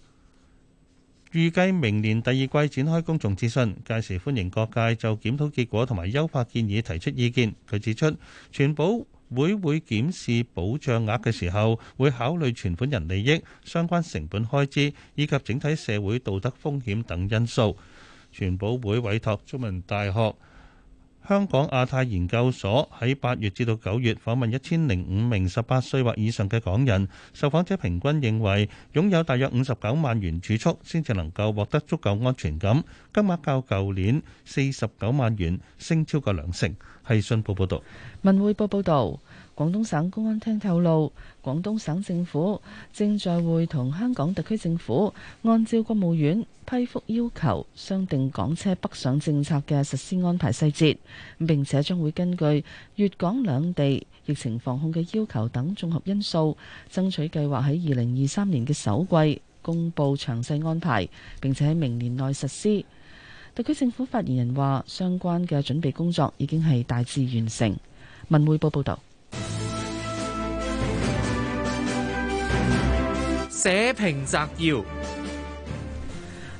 預計明年第二季展開公眾諮詢，屆時歡迎各界就檢討結果同埋優化建議提出意見。佢指出，存保會會檢視保障額嘅時候，會考慮存款人利益、相關成本開支以及整體社會道德風險等因素。存保會委託中文大學。香港亞太研究所喺八月至到九月訪問一千零五名十八歲或以上嘅港人，受訪者平均認為擁有大約五十九萬元儲蓄先至能夠獲得足夠安全感，金額較舊年四十九萬元升超過兩成。係信報報道，文匯報報道。廣東省公安廳透露，廣東省政府正在會同香港特區政府，按照國務院批覆要求，商定港車北上政策嘅實施安排細節，並且將會根據粵港兩地疫情防控嘅要求等綜合因素，爭取計劃喺二零二三年嘅首季公佈詳細安排，並且喺明年內實施。特區政府發言人話：相關嘅準備工作已經係大致完成。文匯報報道。社評摘要：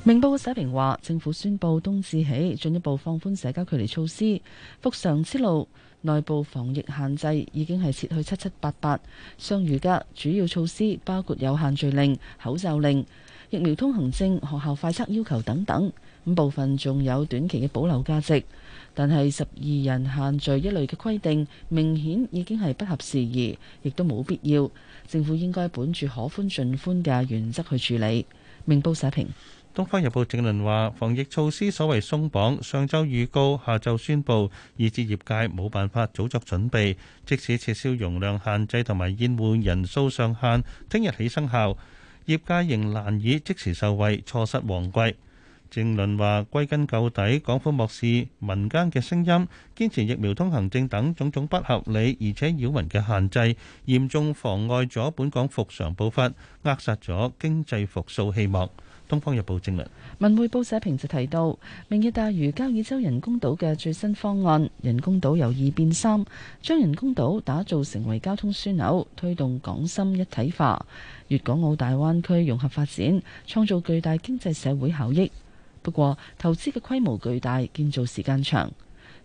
明報社評話，政府宣布冬至起進一步放寬社交距離措施，復常之路內部防疫限制已經係撤去七七八八。尚餘嘅主要措施包括有限聚令、口罩令、疫苗通行證、學校快測要求等等，咁部分仲有短期嘅保留價值。但係十二人限聚一類嘅規定，明顯已經係不合時宜，亦都冇必要。政府應該本住可寬盡寬嘅原則去處理。明報社評，《東方日報》正論話：防疫措施所謂鬆綁，上週預告，下週宣佈，以致業界冇辦法早作準備。即使撤銷容量限制同埋宴會人數上限，聽日起生效，業界仍難以即時受惠，錯失旺季。正論話：歸根究底，港府漠視民間嘅聲音，堅持疫苗通行證等種種不合理而且擾民嘅限制，嚴重妨礙咗本港復常步伐，扼殺咗經濟復蘇希望。《東方日報正論》鄭倫文匯報社評就提到，明日大嶼、交椅洲人工島嘅最新方案，人工島由二變三，將人工島打造成為交通樞紐，推動港深一體化、粵港澳大灣區融合發展，創造巨大經濟社會效益。不過，投資嘅規模巨大，建造時間長。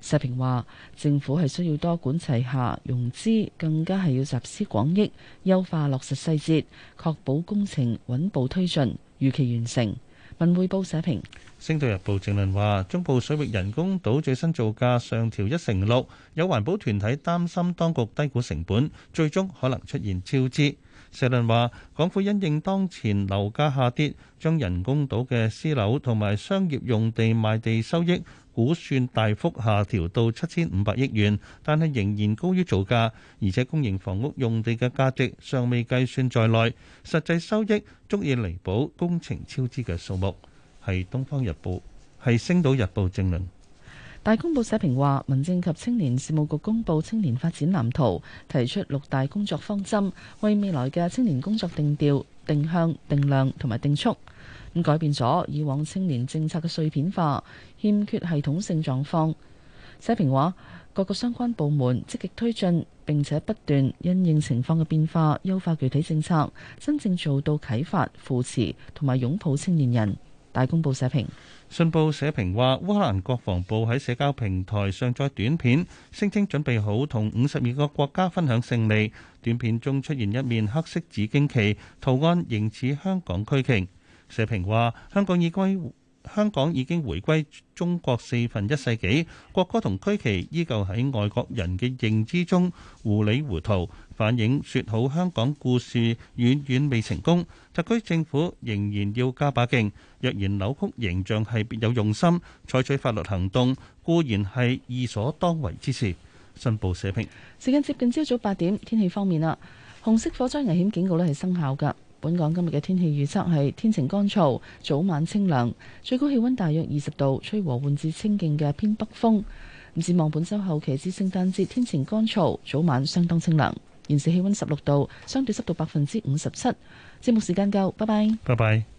社評話，政府係需要多管齊下，融資更加係要集思廣益，優化落實細節，確保工程穩步推進，如期完成。文匯報社評。《星島日報》正論話，中部水域人工島最新造價上調一成六，有環保團體擔心當局低估成本，最終可能出現超支。社論話：港府因應當前樓價下跌，將人工島嘅私樓同埋商業用地賣地收益估算大幅下調到七千五百億元，但係仍然高於造價，而且公營房屋用地嘅價值尚未計算在內，實際收益足以彌補工程超支嘅數目。係《東方日報》，係《星島日報》證明。大公報社評話，民政及青年事務局公布青年發展藍圖，提出六大工作方針，為未來嘅青年工作定調、定向、定量同埋定速，咁改變咗以往青年政策嘅碎片化、欠缺系統性狀況。社評話，各個相關部門積極推進並且不斷因應情況嘅變化，優化具體政策，真正做到啟發、扶持同埋擁抱青年人。大公報社評。信報社評話，烏克蘭國防部喺社交平台上載短片，聲稱準備好同五十二個國家分享勝利。短片中出現一面黑色紫荊旗，圖案形似香港區旗。社評話，香港已歸香港已經回歸中國四分一世紀，國歌同區旗依舊喺外國人嘅認知中糊裡糊塗。反映「説好香港故事遠遠未成功。特區政府仍然要加把勁。若然扭曲形象係別有用心，採取法律行動固然係義所當為之事。新報社評。時間接近朝早八點，天氣方面啦，紅色火災危險警告咧係生效㗎。本港今日嘅天氣預測係天晴乾燥，早晚清涼，最高氣温大約二十度，吹和緩至清勁嘅偏北風。展望本週後期至聖誕節，天晴乾燥，早晚相當清涼。現時氣溫十六度，相對濕度百分之五十七。節目時間夠，拜拜。拜拜。